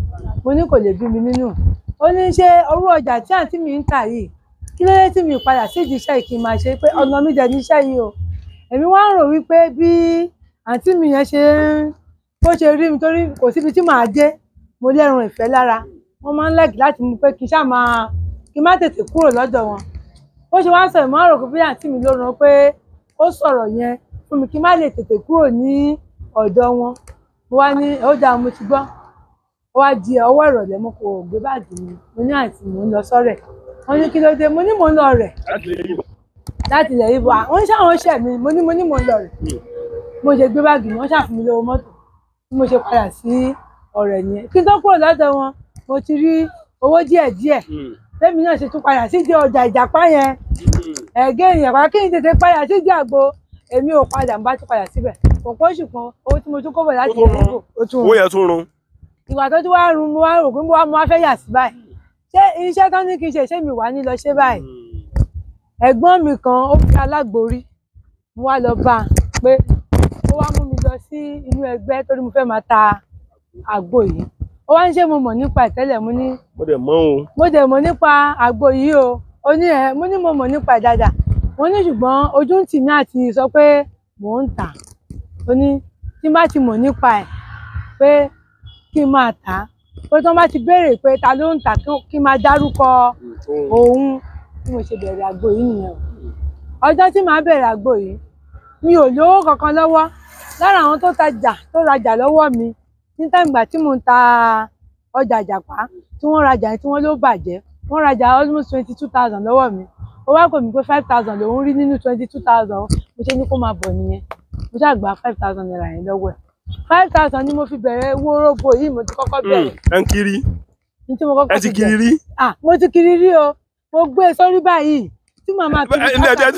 mo ní kò lè bí mi nínú ó ní ṣe orú ọjà tí àǹtí mi ń tà yìí kí ló tí mi padà sídìí iṣẹ́ yìí kí máa ṣe pé ọ̀nà mi dẹ̀ níṣẹ́ yìí o èmi wá ń rò wípé bí àǹtí mi yẹn ṣe ń bó ṣe rí mi torí kò síbi tí màá dé mo lẹ́rùn ìfẹ́ lára wọ́n máa ń láìkì láti mú pé kí n ṣáà máa kí n má tètè kúrò lọ́dọ̀ wọn bó ṣe wá ń sọ ìmọ̀ àròkọ bí àǹtí mi ló ràn pé ó sọ̀rọ̀ yẹn fún mi kí n má lè tètè kúrò ní ọ̀dọ̀ wọn mo wá ní ó dáa mo ti gbọ́ ó wá di ọwọ́ ìrọ̀lẹ́ mo kò gbé báàgì mi mo ní àǹtí mo ń lọ sọ́rẹ̀ wọ́n ní kí ló dé mo ní mò ń lọ rẹ̀ láti ilẹ̀ ibo àwọn iṣẹ́ àwọn iṣẹ́ mi mo ní mo ní mò ń lọ rẹ̀ hmm. mo ṣe gbé báàgì wọn ṣàfún mi lówó mọ́tò tí mo ṣe padà sí ọ̀rẹ́ nìyẹn kí n tó kúrò lọ́dọ̀ wọn mo ti rí owó díẹ̀ díẹ̀ hmm. lẹ́mi náà ṣe tún padà sídìí ọjà ìjàpá yẹn hmm. ẹ̀gẹ́ èèyàn pa kí n tètè padà sídìí àgbo èmi ò padà ń bá tún padà síbẹ̀ kò pọ̀ ṣùgbọ́n owó tí mo tún kó bọ̀ láti ìlú ó tún rún ìwà tó tún wá rún mo wá rò pé wá mo wá fẹ́ yà sí báyìí ṣé iṣẹ́ tán ní kí n ṣe ṣé mi wà ní lọ ṣe báyìí ẹ̀gbọ́n mi kan ó fi alágbórí mo wá lọ bá a pé ó wá mú mi lọ sí inú ẹgbẹ́ torí mo fẹ́ máa ta àgbo yìí ó wá ń ṣe mo mọ̀ nípa ìtẹ́lẹ̀ mo ní mo dẹ̀ mọ̀ o mo dẹ̀ mọ̀ nípa àgbo yìí o ó ní ẹ mo ní mo mọ̀ nípa ẹ̀ mo ní ṣùgbọ́n ojú ń tì mí àti sọ pé mò ń tà ó ní tí n bá ti mọ̀ nípa ẹ̀ pé kí n máa tà á pé tí wọ́n bá ti béèrè pé ta ló ń tà kí n máa dárúkọ mm. òun bí mo ṣe bẹ̀rẹ̀ àgbo yìí nìyẹn o mm. ọjọ́ tí màá bẹ̀rẹ̀ àgbo yìí mi ò lówó kankan lọ́wọ́ lára àwọn tó tajà tó rajà lọ́wọ́ mi ní táìgbà tí mò ń ta ọjà àjàpá tí wọ́n rajà tí wọ́n ló bàjẹ́ wọ́n rajà almost twenty two thousand lọ́wọ́ mi ó wá pè mí pé five thousand lòún rí nínú twenty two thousand mo ṣe ní kó máa bọ̀ nìyẹn mo ṣáà five thousand naira yẹn lọ́wọ́ ẹ̀ five thousand ni mo fi bẹ̀rẹ̀ wóróbo yìí mo ti kọ́kọ́ hmm, bẹ̀rẹ̀. ẹ ń kiri ẹ ti kiri rí. mo ti kiri rí o mo gbé e sórí báyìí tí màmá kiri ká kiri. ẹ e jẹ́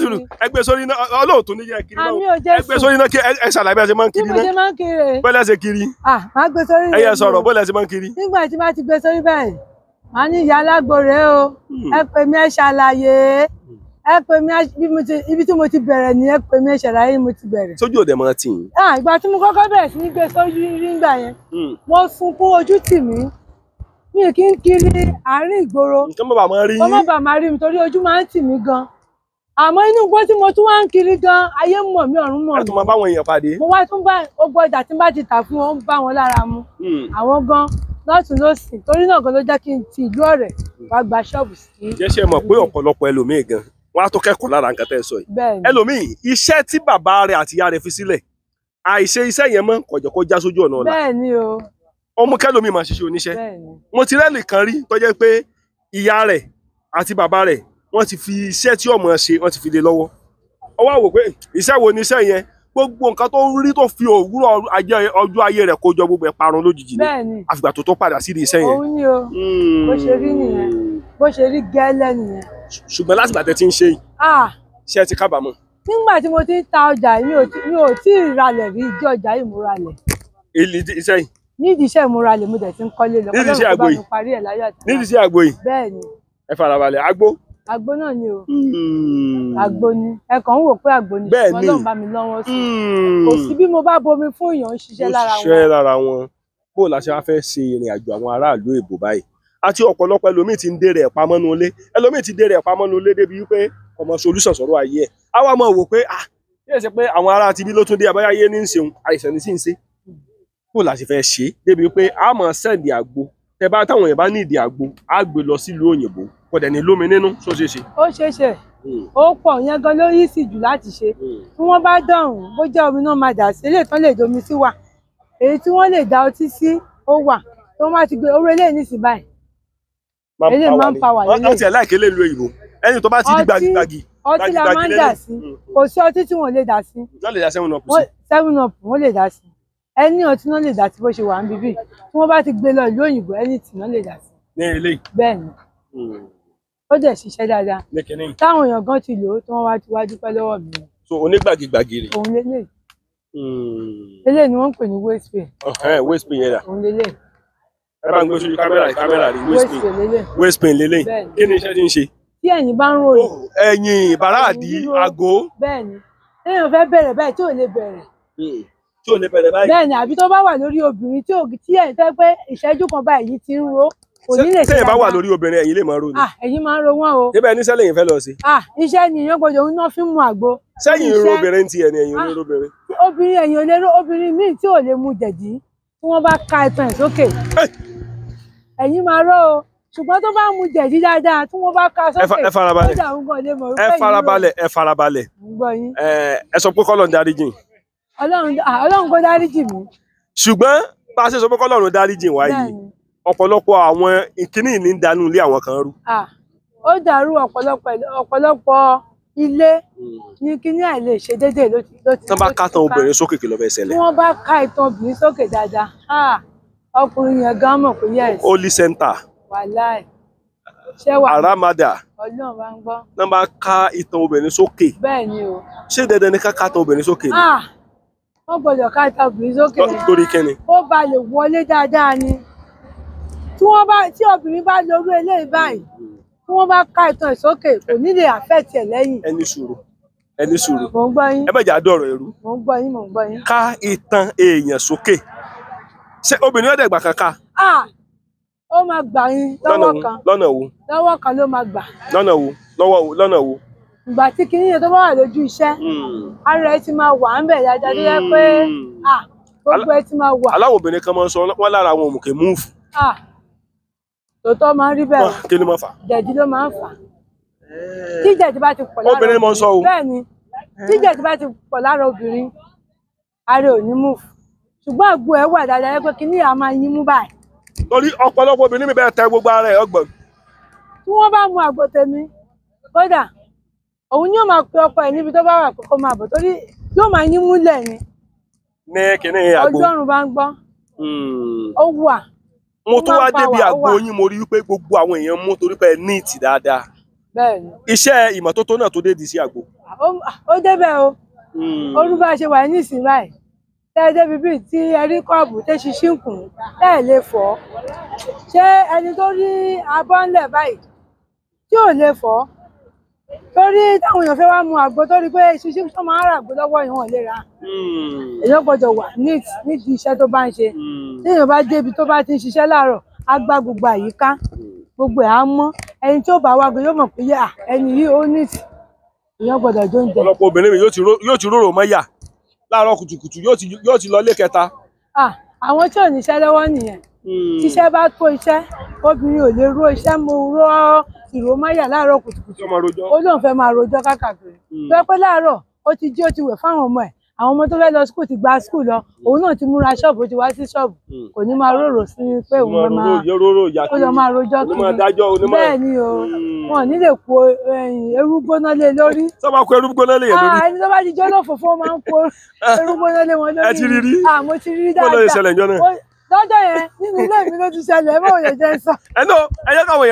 ẹ gbé sórí náà ọlọ́ọ̀tún ní yẹ kiri náà àmì ò jẹ́ sùn ẹ gbé sórí náà kí ẹ ṣàlàyé bí ẹ ṣe máa ń kiri náà. bí mo ṣe máa ń kiri rẹ̀. bọ́lá ṣe kiri. ah máa gbé e sórí rẹ̀. ẹ yẹ sọ̀rọ̀ bọ́lá ṣe máa ń kiri. nígbà tí máa ti gbé sórí báyìí màá ní ìyá alágbòrè o hmm. ẹ pè mí ẹ ṣàlàyé hmm ẹ pè mí ibi tí mo ti bẹ̀rẹ̀ ni ẹ pè mí ṣàlàyé mo ti bẹ̀rẹ̀. sójú òde mọ tì yín. Ah, ìgbà tí mo kọ́kọ́ bẹ̀rẹ̀ sí ní gbé sójú rí ńgbà yẹn mo hmm. sunkún ojú tì mí mi kì í kiri àárín ìgboro kó má bàa máa rí kó má bàa máa rí mi torí ojú máa ń tì mí gan àmọ́ inú igbó tí mo tún wá ń kiri gan ayé ń mọ̀ mí ọ̀run mọ̀ mí. àtúmọ̀ báwọn èèyàn pàdé. mo wá tún bá ogbó ọjà tí n bá ti tà fún wọn bá wọn lára mu hmm. àwọn gan lọ́tún lọ́sìn torí náà gan ló jẹ́ kí n ti ìlú ọ̀rẹ́ wá gba ṣọ́ọ̀bù sí. jẹ́ ṣe mọ̀ pé ọ̀pọ̀lọpọ̀ ẹlòmíì gan wọn á tó kẹ́kọ̀ọ́ lára nǹkan tẹ́ ẹ sọ yìí ẹlòmíì iṣẹ́ tí bàbá rẹ̀ àti ìyá rẹ̀ fi sílẹ̀ àìṣe iṣẹ́ yẹn mọ́ kọ̀jọ̀ kó já sójú ọ̀nà ọ̀la ọmọ kẹlòmíì máa ṣiṣẹ́ oníṣẹ́ mo ti rẹ́lì kan rí tó jẹ́ pé ìyá rẹ̀ àti bàbá rẹ̀ wọ́n ti fi iṣẹ́ tí ọmọ ṣe wọ́n ti fi lé lọ́wọ́ ọwọ́ àwò pé iṣẹ́ wo ni iṣẹ́ yẹn gbogbo nǹkan tó ń rí tó fi òwúrọ̀ ajé ọjọ́ ayé rẹ̀ kójọ gbogbo ẹ̀ parun lójijì ni àfìgbà tó tó padà sí iṣẹ́ yẹn. òun ni o hmm. bó ṣe rí nìyẹn bó ṣe rí gẹ́lẹ́ nìyẹn. ṣùgbọ́n láti gbà tẹ́ ń ṣe yìí ṣé ẹ ti kábàámọ̀. nígbà tí mo ti ń ta ọjà mi ò tí ì ralẹ̀ rí ìdí ọjà yìí mo ralẹ̀. èlì iṣẹ́ yìí. nídìí iṣẹ́ mo ralẹ̀ mo dẹ̀ ti ń kọ́lé lọ. nídìí iṣẹ́ àgbo yìí nídìí iṣẹ́ àgbo yìí. bẹ́ẹ̀ ni. ẹ farabalẹ̀ àgbo àgbo náà ni o àgbo hmm. ni ẹ kàn ń wò pé àgbo ni ṣùgbọ́n Ọlọ́run bá mi lọ́wọ́ sí hmm. kò sí bí mo bá bomi fún èèyàn ń ṣiṣẹ́ lára wọn. ṣiṣẹ́ lára wọn bó la ṣe wá fẹ́ ṣe ìrìn àjò àwọn aráàlú èbò báyìí àti ọ̀pọ̀lọpọ̀ ẹlòmíì ti ń dèrè ẹ̀ pamọ́ nu ilé ẹlòmíì ti dèrè ẹ̀ nu ilé débi wípé ọmọ solution sọ̀rọ̀ ayé ẹ̀ á wá mọ̀ wò pé ah yóò ṣe pé àwọn ará tibí ló tún dé abáyáyé ní í ṣeun àìsàn ní sí ń ṣe bó la ṣe fẹ́ ṣe débi wípé a máa sẹ́ǹdì àgbo tẹ bá táwọn èèyàn bá ní ìdí àgbo á lọ sílùú òyìnbó kò dẹ̀ ní lómi nínú ṣó ṣeé ṣe. ó ṣeé ṣe hmm. ó pọ̀ yẹn gan ló yí sí jù láti ṣe hmm. tí wọ́n bá dọ̀hún bó jẹ́ omi náà máa dà sí eléyìí tán lè domi sí wà èyí tí wọ́n lè da ọtí sí ó wà tó wọ́n bá ti gbé oró eléyìí ní ìsìn báyìí eléyìí máa ń pa wà lélẹ̀. ọtí ẹ̀ láìké lè lu èyìnbó ẹ̀yìn tó bá ti di gbagigbagi ọtí la máa ń dà sí hmm. kò sí ọtí tí wọ́n lè dà sí. wọ́n lè dà seven up sí. seven up wọ́n lè dà sí ẹni ọtí náà lè dà sí bó ṣe wà ń bíbí tí wọn bá ti gbé lọ ìlú òyìnbó ẹni tì náà lè dà sí. ní ilé bẹ́ẹ̀ ni hmm. ó dẹ̀ ṣiṣẹ́ dáadáa táwọn èèyàn gan ti lò ó tí wọn wá ti wá dúpẹ́ lọ́wọ́ mi. so onígbàgìgbàgì rè. òun lélẹ̀ hmm. eléyìí ni wọn ń pè ní waste pay. waste pay yẹn dà. òun lélẹ̀. ẹ bá ń gbé sójú kámẹ́rà kámẹ́rà rí waste pay waste pay lélẹ̀ kí ni iṣẹ́ ti ń ṣe. tí ẹ̀yìn bá ń ròyìn. Oh, ẹ̀yìn ìbáraàdì àgó. bẹ́ẹ̀ ni téèyàn fẹ́ bẹ̀rẹ̀ báyìí tí ò lè bẹ̀rẹ̀ hmm tí ò ní bẹ̀rẹ̀ báyìí. bẹ́ẹ̀ni àbí tó bá wà lórí obìnrin tí ògì tí ẹ̀yin fẹ́ pé ìṣẹ́jú kan báyìí ti ń ro kò ní lè ṣe dáadáa. sẹ́yìn bá wà lórí obìnrin ẹ̀yin lè máa ro ni. ẹ̀yin máa ń ro wọn o. débẹ̀ níṣẹ́ lẹ́yìn fẹ́ lọ sí. iṣẹ́ ni èèyàn gbọ́dọ̀ òun náà fi ń mu àgbo. sẹ́yìn ro obìnrin ti ẹ̀yìn ẹ̀yìn olóró obìnrin. obìnrin ẹ̀yìn olóró obìnrin míì tí ò lè mu jẹ̀dí tí wọ́n bá ka ìtàn ẹ̀ sókè. ẹ̀yin máa rọ́ o ṣùgbọ́n tó bá mu jẹ̀dí dáadáa tí wọ́n bá ka sókè ẹ farabalẹ̀ ẹ farabalẹ̀ ẹ farabalẹ̀ ẹ sọ pé kọ́lọ̀ ń darí jìn ọlọ́run kó dáríjì mí. ṣùgbọ́n bá a ṣe sọ pé kọ́lọ́run dáríjì wá yìí ọ̀pọ̀lọpọ̀ àwọn ìkíní ní dànù ilé àwọn kan rú. ó dàrú ọ̀pọ̀lọpọ̀ ilé hmm. ní kíní àìlè ṣe déédéé ló ti ló ti. tán bá ká tan obìnrin sókè kí ló fẹ́ ṣẹlẹ̀. tí wọ́n bá ká ìtàn obìnrin sókè dáadáa ọkùnrin yẹn gan mọ̀ pé yẹ́s. holy center. wàláì àràmàdà ọlọ́run bá ń gbọ́. tán bá ká ìtàn obìnrin sókè. bẹ́ẹ̀ ni o. ṣé dandan ni ká ká tan obìnrin sókè ni ó gbọ́dọ̀ káta obìnrin sókè torí kíni ó bá lè wọlé dáadáa ni tí wọ́n bá tí obìnrin bá lorú eléyìí báyìí tí wọ́n bá ká ìtàn ìsókè kò ní lè àfẹ́tì ẹ̀ lẹ́yìn. ẹni sùúrù ẹni sùúrù mò ń gbọ́ yín ẹ bẹ̀jà dọ̀rọ̀ ẹ̀rú mò ń gbọ́ yín mò ń gbọ́ yín. ká ìtàn èèyàn sókè ṣé obìnrin ọ̀dẹ̀ gbà kankan. a ó máa gbà yín lọ́wọ́ kan lọ́nà wo lọ́wọ́ kan ló máa gbà. lọ́nà wo lọ́wọ́ lọ́nà wo ìgbà tí kinní yẹn tó bá wà lójú iṣẹ́ hmm. ara ẹ ti máa wà ń bẹ̀ dáadáa tó yẹ pé hmm. gbogbo ẹ ti máa wà. aláwọ̀ obìnrin kan máa ń sọ wọ́n lára àwọn òmùkè múùfù. tòótọ́ máa ń rí bẹ́ẹ̀ kí ló máa fà. jẹ̀dí ló máa ń fà. Eh. tí jẹ̀dí bá ti pọ̀ lára obìnrin máa ń sọ o. bẹ́ẹ̀ ni tí eh. jẹ̀dí bá ti pọ̀ lára obìnrin ara ò ní múùfù ṣùgbọ́n àgbo ẹ̀ wà dáadáa pé kinní yà máa yín mú báyìí. torí ọ̀pọ̀lọpọ̀ obìnrin mi bẹ́ẹ̀ tẹ gbogbo ara ẹ̀ ọgbọ̀n. tí wọ́n bá mu àgbo tèmi kódà òun yóò máa pe ọkọ ẹ níbi tó bá wà kókó máa bọ̀ torí yóò máa yín múlẹ̀ ni. ní kíní àgbo ọjọ́rùn bá ń gbọ́. Hmm. ó wà. mo tún wá débi àgbo yín mo rí wípé gbogbo àwọn èèyàn mú torí pé ní ìtì dáadáa. bẹ́ẹ̀ni. iṣẹ́ ìmọ́tótó náà tó dé sí àgbo. ó débẹ̀ o hmm. orú bá ṣe wà ní ìsìn báyìí tẹ́ débi bíi tí ẹ rí kọ́ọ̀bù tẹ́ ṣiṣí ń tẹ́ ẹ̀ lè fọ́ ṣé ẹni tó rí abọ́ báyìí tí ò lè fọ́ torí táwọn èèyàn fẹ́ wá mu àgbo torí pé ṣíṣí tó máa ń rà àgbo lọ́wọ́ ìwọ̀n ìlera hmm. èèyàn gbọ́dọ̀ wà nídìí iṣẹ́ tó bá ń ṣe hmm. téèyàn bá débi tó bá ti ń ṣiṣẹ́ láàárọ̀ á gbá gbogbo àyíká gbogbo ẹ̀ á mọ́ ẹni tó bá wá gbé yóò mọ̀ pé yà ẹni yìí ó nìtì èèyàn gbọ́dọ̀ jó ń jẹ. ọ̀pọ̀lọpọ̀ obìnrin mi yóò ti róró mọ́ yà láàárọ̀ kùtùkùtù yóò ti lọ ilé kẹta. àwọn tí ò níṣẹ́ lọ́wọ́ nìyẹn hmm. tíṣẹ́ bá tó iṣẹ́ obìnrin ò lè ró iṣẹ́ mo rọ́ ìròmáyà láàárọ̀ kùtùkùtù ó lóun fẹ́ máa rojọ́ káàkiri hmm. tó yẹ pé láàárọ̀ ó ti jí ó ti wẹ̀ fáwọn ọmọ ẹ̀ àwọn ọmọ tó fẹ́ lọ skul ti gba skul lọ hmm. òun náà ti múra ṣọ́ọ̀bù ti wá sí ṣọ́ọ̀bù hmm. kò ní máa rorò sí pé òun máa ó lọ máa rojọ́ kiri bẹ́ẹ̀ ni o wọn ní lè po gbóná lé lórí. sọ ma ko gbóná lé yẹn lórí. Ah, ẹni tó bá ti jọ́ lọ́fọ̀fọ́ máa ń po ẹrú gbóná lé wọn lórí. ẹ ti ah, mo ti rí dáadáa. lọ́jọ́ yẹn nínú ilé mi ló ti ṣẹlẹ̀ ẹ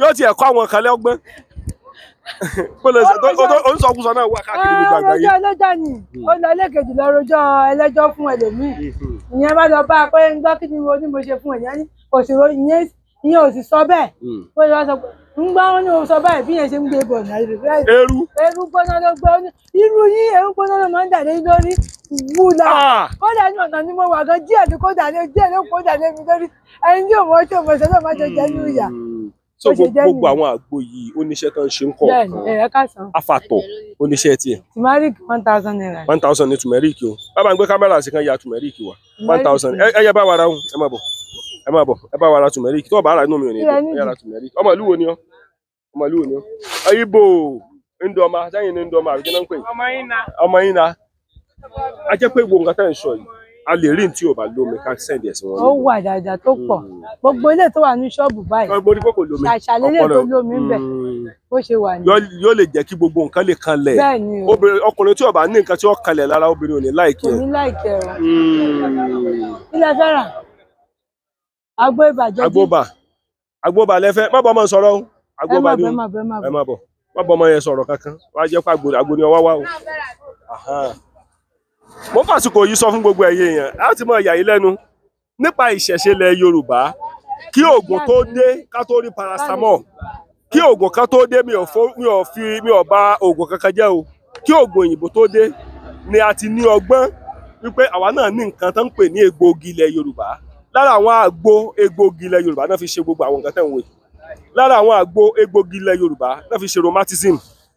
yóò tiẹ̀ kọ́ àwọn kan lọ́gbọ́n pẹ̀lẹ́ náà wà káàkiri gbogbo àgbáyé. Ah, ọ̀rọ̀ ẹlẹ́jọ́ ni ó lọ lẹ́ẹ̀kejì lọ rojọ́ ẹlẹ́jọ́ fún ẹlòmíì ìyẹn bá lọ bá a pé ń gbọ́ kí ni mo ní mo ṣe fún ẹ̀yán ní òṣèrò ìyẹn ìyẹn ò sì sọ bẹ́ẹ̀ hmm. ó lọ sọ pé ń gbọ́ ó ní o sọ báyìí bí yẹn ṣe ń gbé bọ̀ náà eru eru gbóná ló gbé irú yín eru gbóná ló máa ń dàdé so gbogbo àwọn àgbo yìí oníṣẹ́ tó ń ṣe ń kọ̀ ọ̀kan afatọ̀ oníṣẹ́ tiẹ̀. turmeric one thousand naira. one thousand ni turmeric o bàbá ń gbé kámẹ́rà sí kan ya turmeric wa one thousand ẹ yẹ bá wa ra o ẹ má bọ̀ ẹ má bọ̀ ẹ bá wa ra turmeric tó o bá ra inú mi ò ní dùn ẹ ra turmeric ọmọ ìlú wo ni ọ ayibo ndọma sẹyìn ni ndọma àbíkẹ́ náà ń pè ọmọ yín na a jẹ́ pé gbòǹgà tẹ́ ń sọ yìí a lè rí tí o bá lómi ká sẹ́ndì ẹ̀sìn wọn. ó wà dáadáa tó pọ̀ hmm. gbogbo ilé tó wà ní ṣọ́ọ̀bù báyìí ṣàṣàlélẹ̀ tó lómi ń bẹ̀ hmm. bó ṣe wà ní. yóò lè jẹ́ kí gbogbo nǹkan lè kanlẹ̀ ọkùnrin tí o bá ní nǹkan tí ó lára obìnrin ò ní láìkẹ́. ní láìkẹ́ o hmm. agbóba ni ẹ má bọ́ ọmọ yẹn sọ̀rọ̀ kankan agbo ọwá o. mo ń fàsìkò yìí sọ fún gbogbo ẹ̀yin èèyàn láti mọ ìyà yìí lẹ́nu nípa ìṣẹ̀ṣe ilẹ̀ yorùbá kí oògùn tó dé ká tó rí paracetamol kí oògùn kan tó dé mi ò fi mi ò bà oògùn kankan jẹ́ o kí oògùn òyìnbó tó dé ni a ti ní ọgbọ́n wípé àwa náà ní nǹkan tó ń pè ní egbòogi ilẹ̀ yorùbá lára àwọn àgbo egbòogi ilẹ̀ yorùbá náà fi ṣe gbogbo àwọn nǹkan tẹ̀ ń wò lára àwọn àgbo egbòogi ilẹ̀ yorùbá náà fi ṣe rheumatism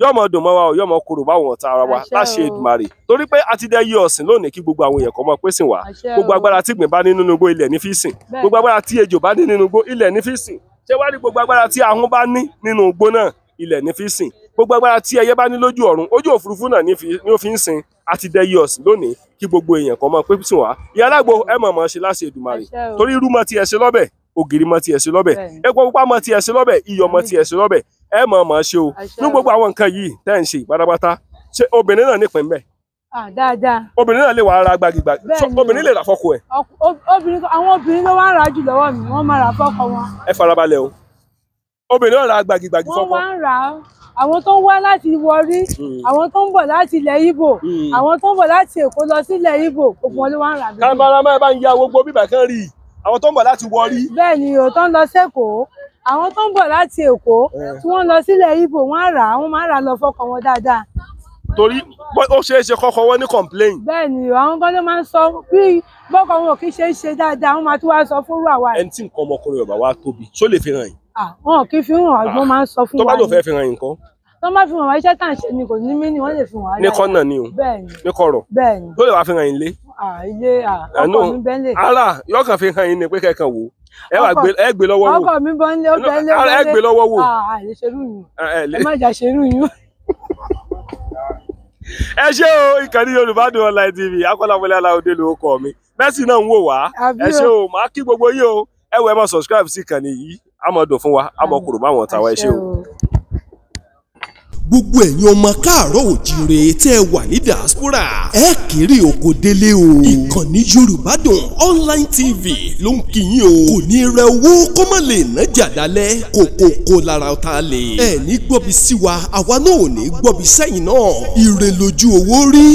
yóò mọ dùn mọ́ wa o yóò mọ korò báwọn ọ̀tá ara wa láṣẹ Èdùmàrè torí pé a ti dẹ́ yí ọ̀sìn lónìí kí gbogbo àwọn èèyàn kọ́ mọ pé sìn wá gbogbo agbára tí ìgbín bá ní nínú igbó ilẹ̀ ní fi sìn gbogbo agbára tí ejò bá ní nínú igbó ilẹ̀ ní fi sìn ṣé wá ní gbogbo agbára tí ahun bá ní nínú igbó náà ilẹ̀ ní fi sìn gbogbo agbára tí ẹyẹ bá ní lójú ọ̀run ojú òfurufú náà ni ó fi ń sin àti dẹyẹ ọ̀sìn lónìí kí gbogbo èèyàn kan mọ pé sìn wá ìyá alágbo ẹ mọ̀ mọ̀ ṣe láṣẹ Èdùmàrè torí irú mọ ti ṣe lọ́bẹ̀ ògiri mọ ti ṣe lọ́bẹ̀ epo pupa mọ ti ṣe lọ́bẹ̀ iyọ̀ mọ ti ṣe lọ́bẹ̀ ẹ mọ̀ ọmọ ṣe o ní gbogbo àwọn nǹkan yìí tẹ́ ń ṣe pátápátá ṣe obìnrin náà nípìn bẹ́ẹ̀. dáadáa. obìnrin náà lè wà ara gbagigba obìnrin lè rà fọ́kọ ẹ̀. obìnrin àwọn obìnrin ló wá ń ra jù lọ́wọ́ mi wọ́n máa ra fọ́kọ wọn. ẹ farabalẹ̀ o obìnrin náà ra gbagigbagi fọ́kọ. wọ́n wá ń ra àwọn tó ń wá láti wọrí hmm. àwọn tó ń bọ̀ láti ilẹ̀ Ìgbò hmm. àwọn tó ń bọ̀ láti Èkó lọ sí ilẹ̀ gbogbo wọn ló wá ń rà. kámẹ́rámà bá ń tó ń lọ sẹ́kọ̀ọ́ àwọn tó ń bọ̀ láti èkó eh. tí wọ́n lọ sílẹ̀ ibo wọ́n á rà á wọ́n máa rà lọ fọkàn wọn dáadáa. torí ó ṣeé ṣe kọ́kọ́ wọ́n ní complain. bẹ́ẹ̀ ni àwọn gbọ́dọ̀ máa ń sọ bí bọ́kọ̀ wọn ò kí ṣe é ṣe dáadáa wọ́n máa tún wá sọ fúnrú àwa. ẹni tí nǹkan ọmọkùnrin Yorùbá wa tóbi ṣó lè fi hàn yín. àwọn ah, kì í fi hàn ọgbọ́n máa ń sọ fún wa. tó bá lò fẹ́ fi hàn yín nǹkan tó má fi hàn wá iṣẹ́ tá à ń ṣe ni kò ní mí ni wọ́n lè fi hàn wá. ní kọ́nà ni o ní kọ̀rọ̀ tó lè wá fi hàn yín lé. ilé ọkọ mi bẹ́ẹ̀ lè. ara yóò kàn fi hàn yín ni pé kẹ́kàn wò ẹ wà gbé ẹ gbé lọ́wọ́ wò ọkọ mi bọ́ nílé ó bẹ́ẹ̀ lé ara ẹ gbé lọ́wọ́ wò. àlè ṣerú yín ẹ má jà ṣerú yín. ẹ ṣé o ìkànnì Yorùbá Dùn Online TV akọ́láwọlé aláwọ̀dé ló kọ́ mi mẹ́sì náà ń wò wá ẹ ṣé o máa kí gbogbo yín o ẹ wọ ẹ máa subscribe sí ìkànnì yìí á máa dùn fún wa á máa kúrò báwọn tàwa ẹ ṣé o gbogbo ẹ̀yin ọmọ káàárọ̀ òjìrè tẹ́ ẹ wà ní diaspora ẹ kéré oko délé o ìkànnì yorùbá dùn online tv ló ń kíyìn o kò ní rẹ owó kó má lè ná jàdálẹ̀ kòkòkò lára ọ̀tá lè ẹ ní gbọ́bi sí wa àwa náà ò ní gbọ́bi sẹ́yìn náà ire lójú owó rí.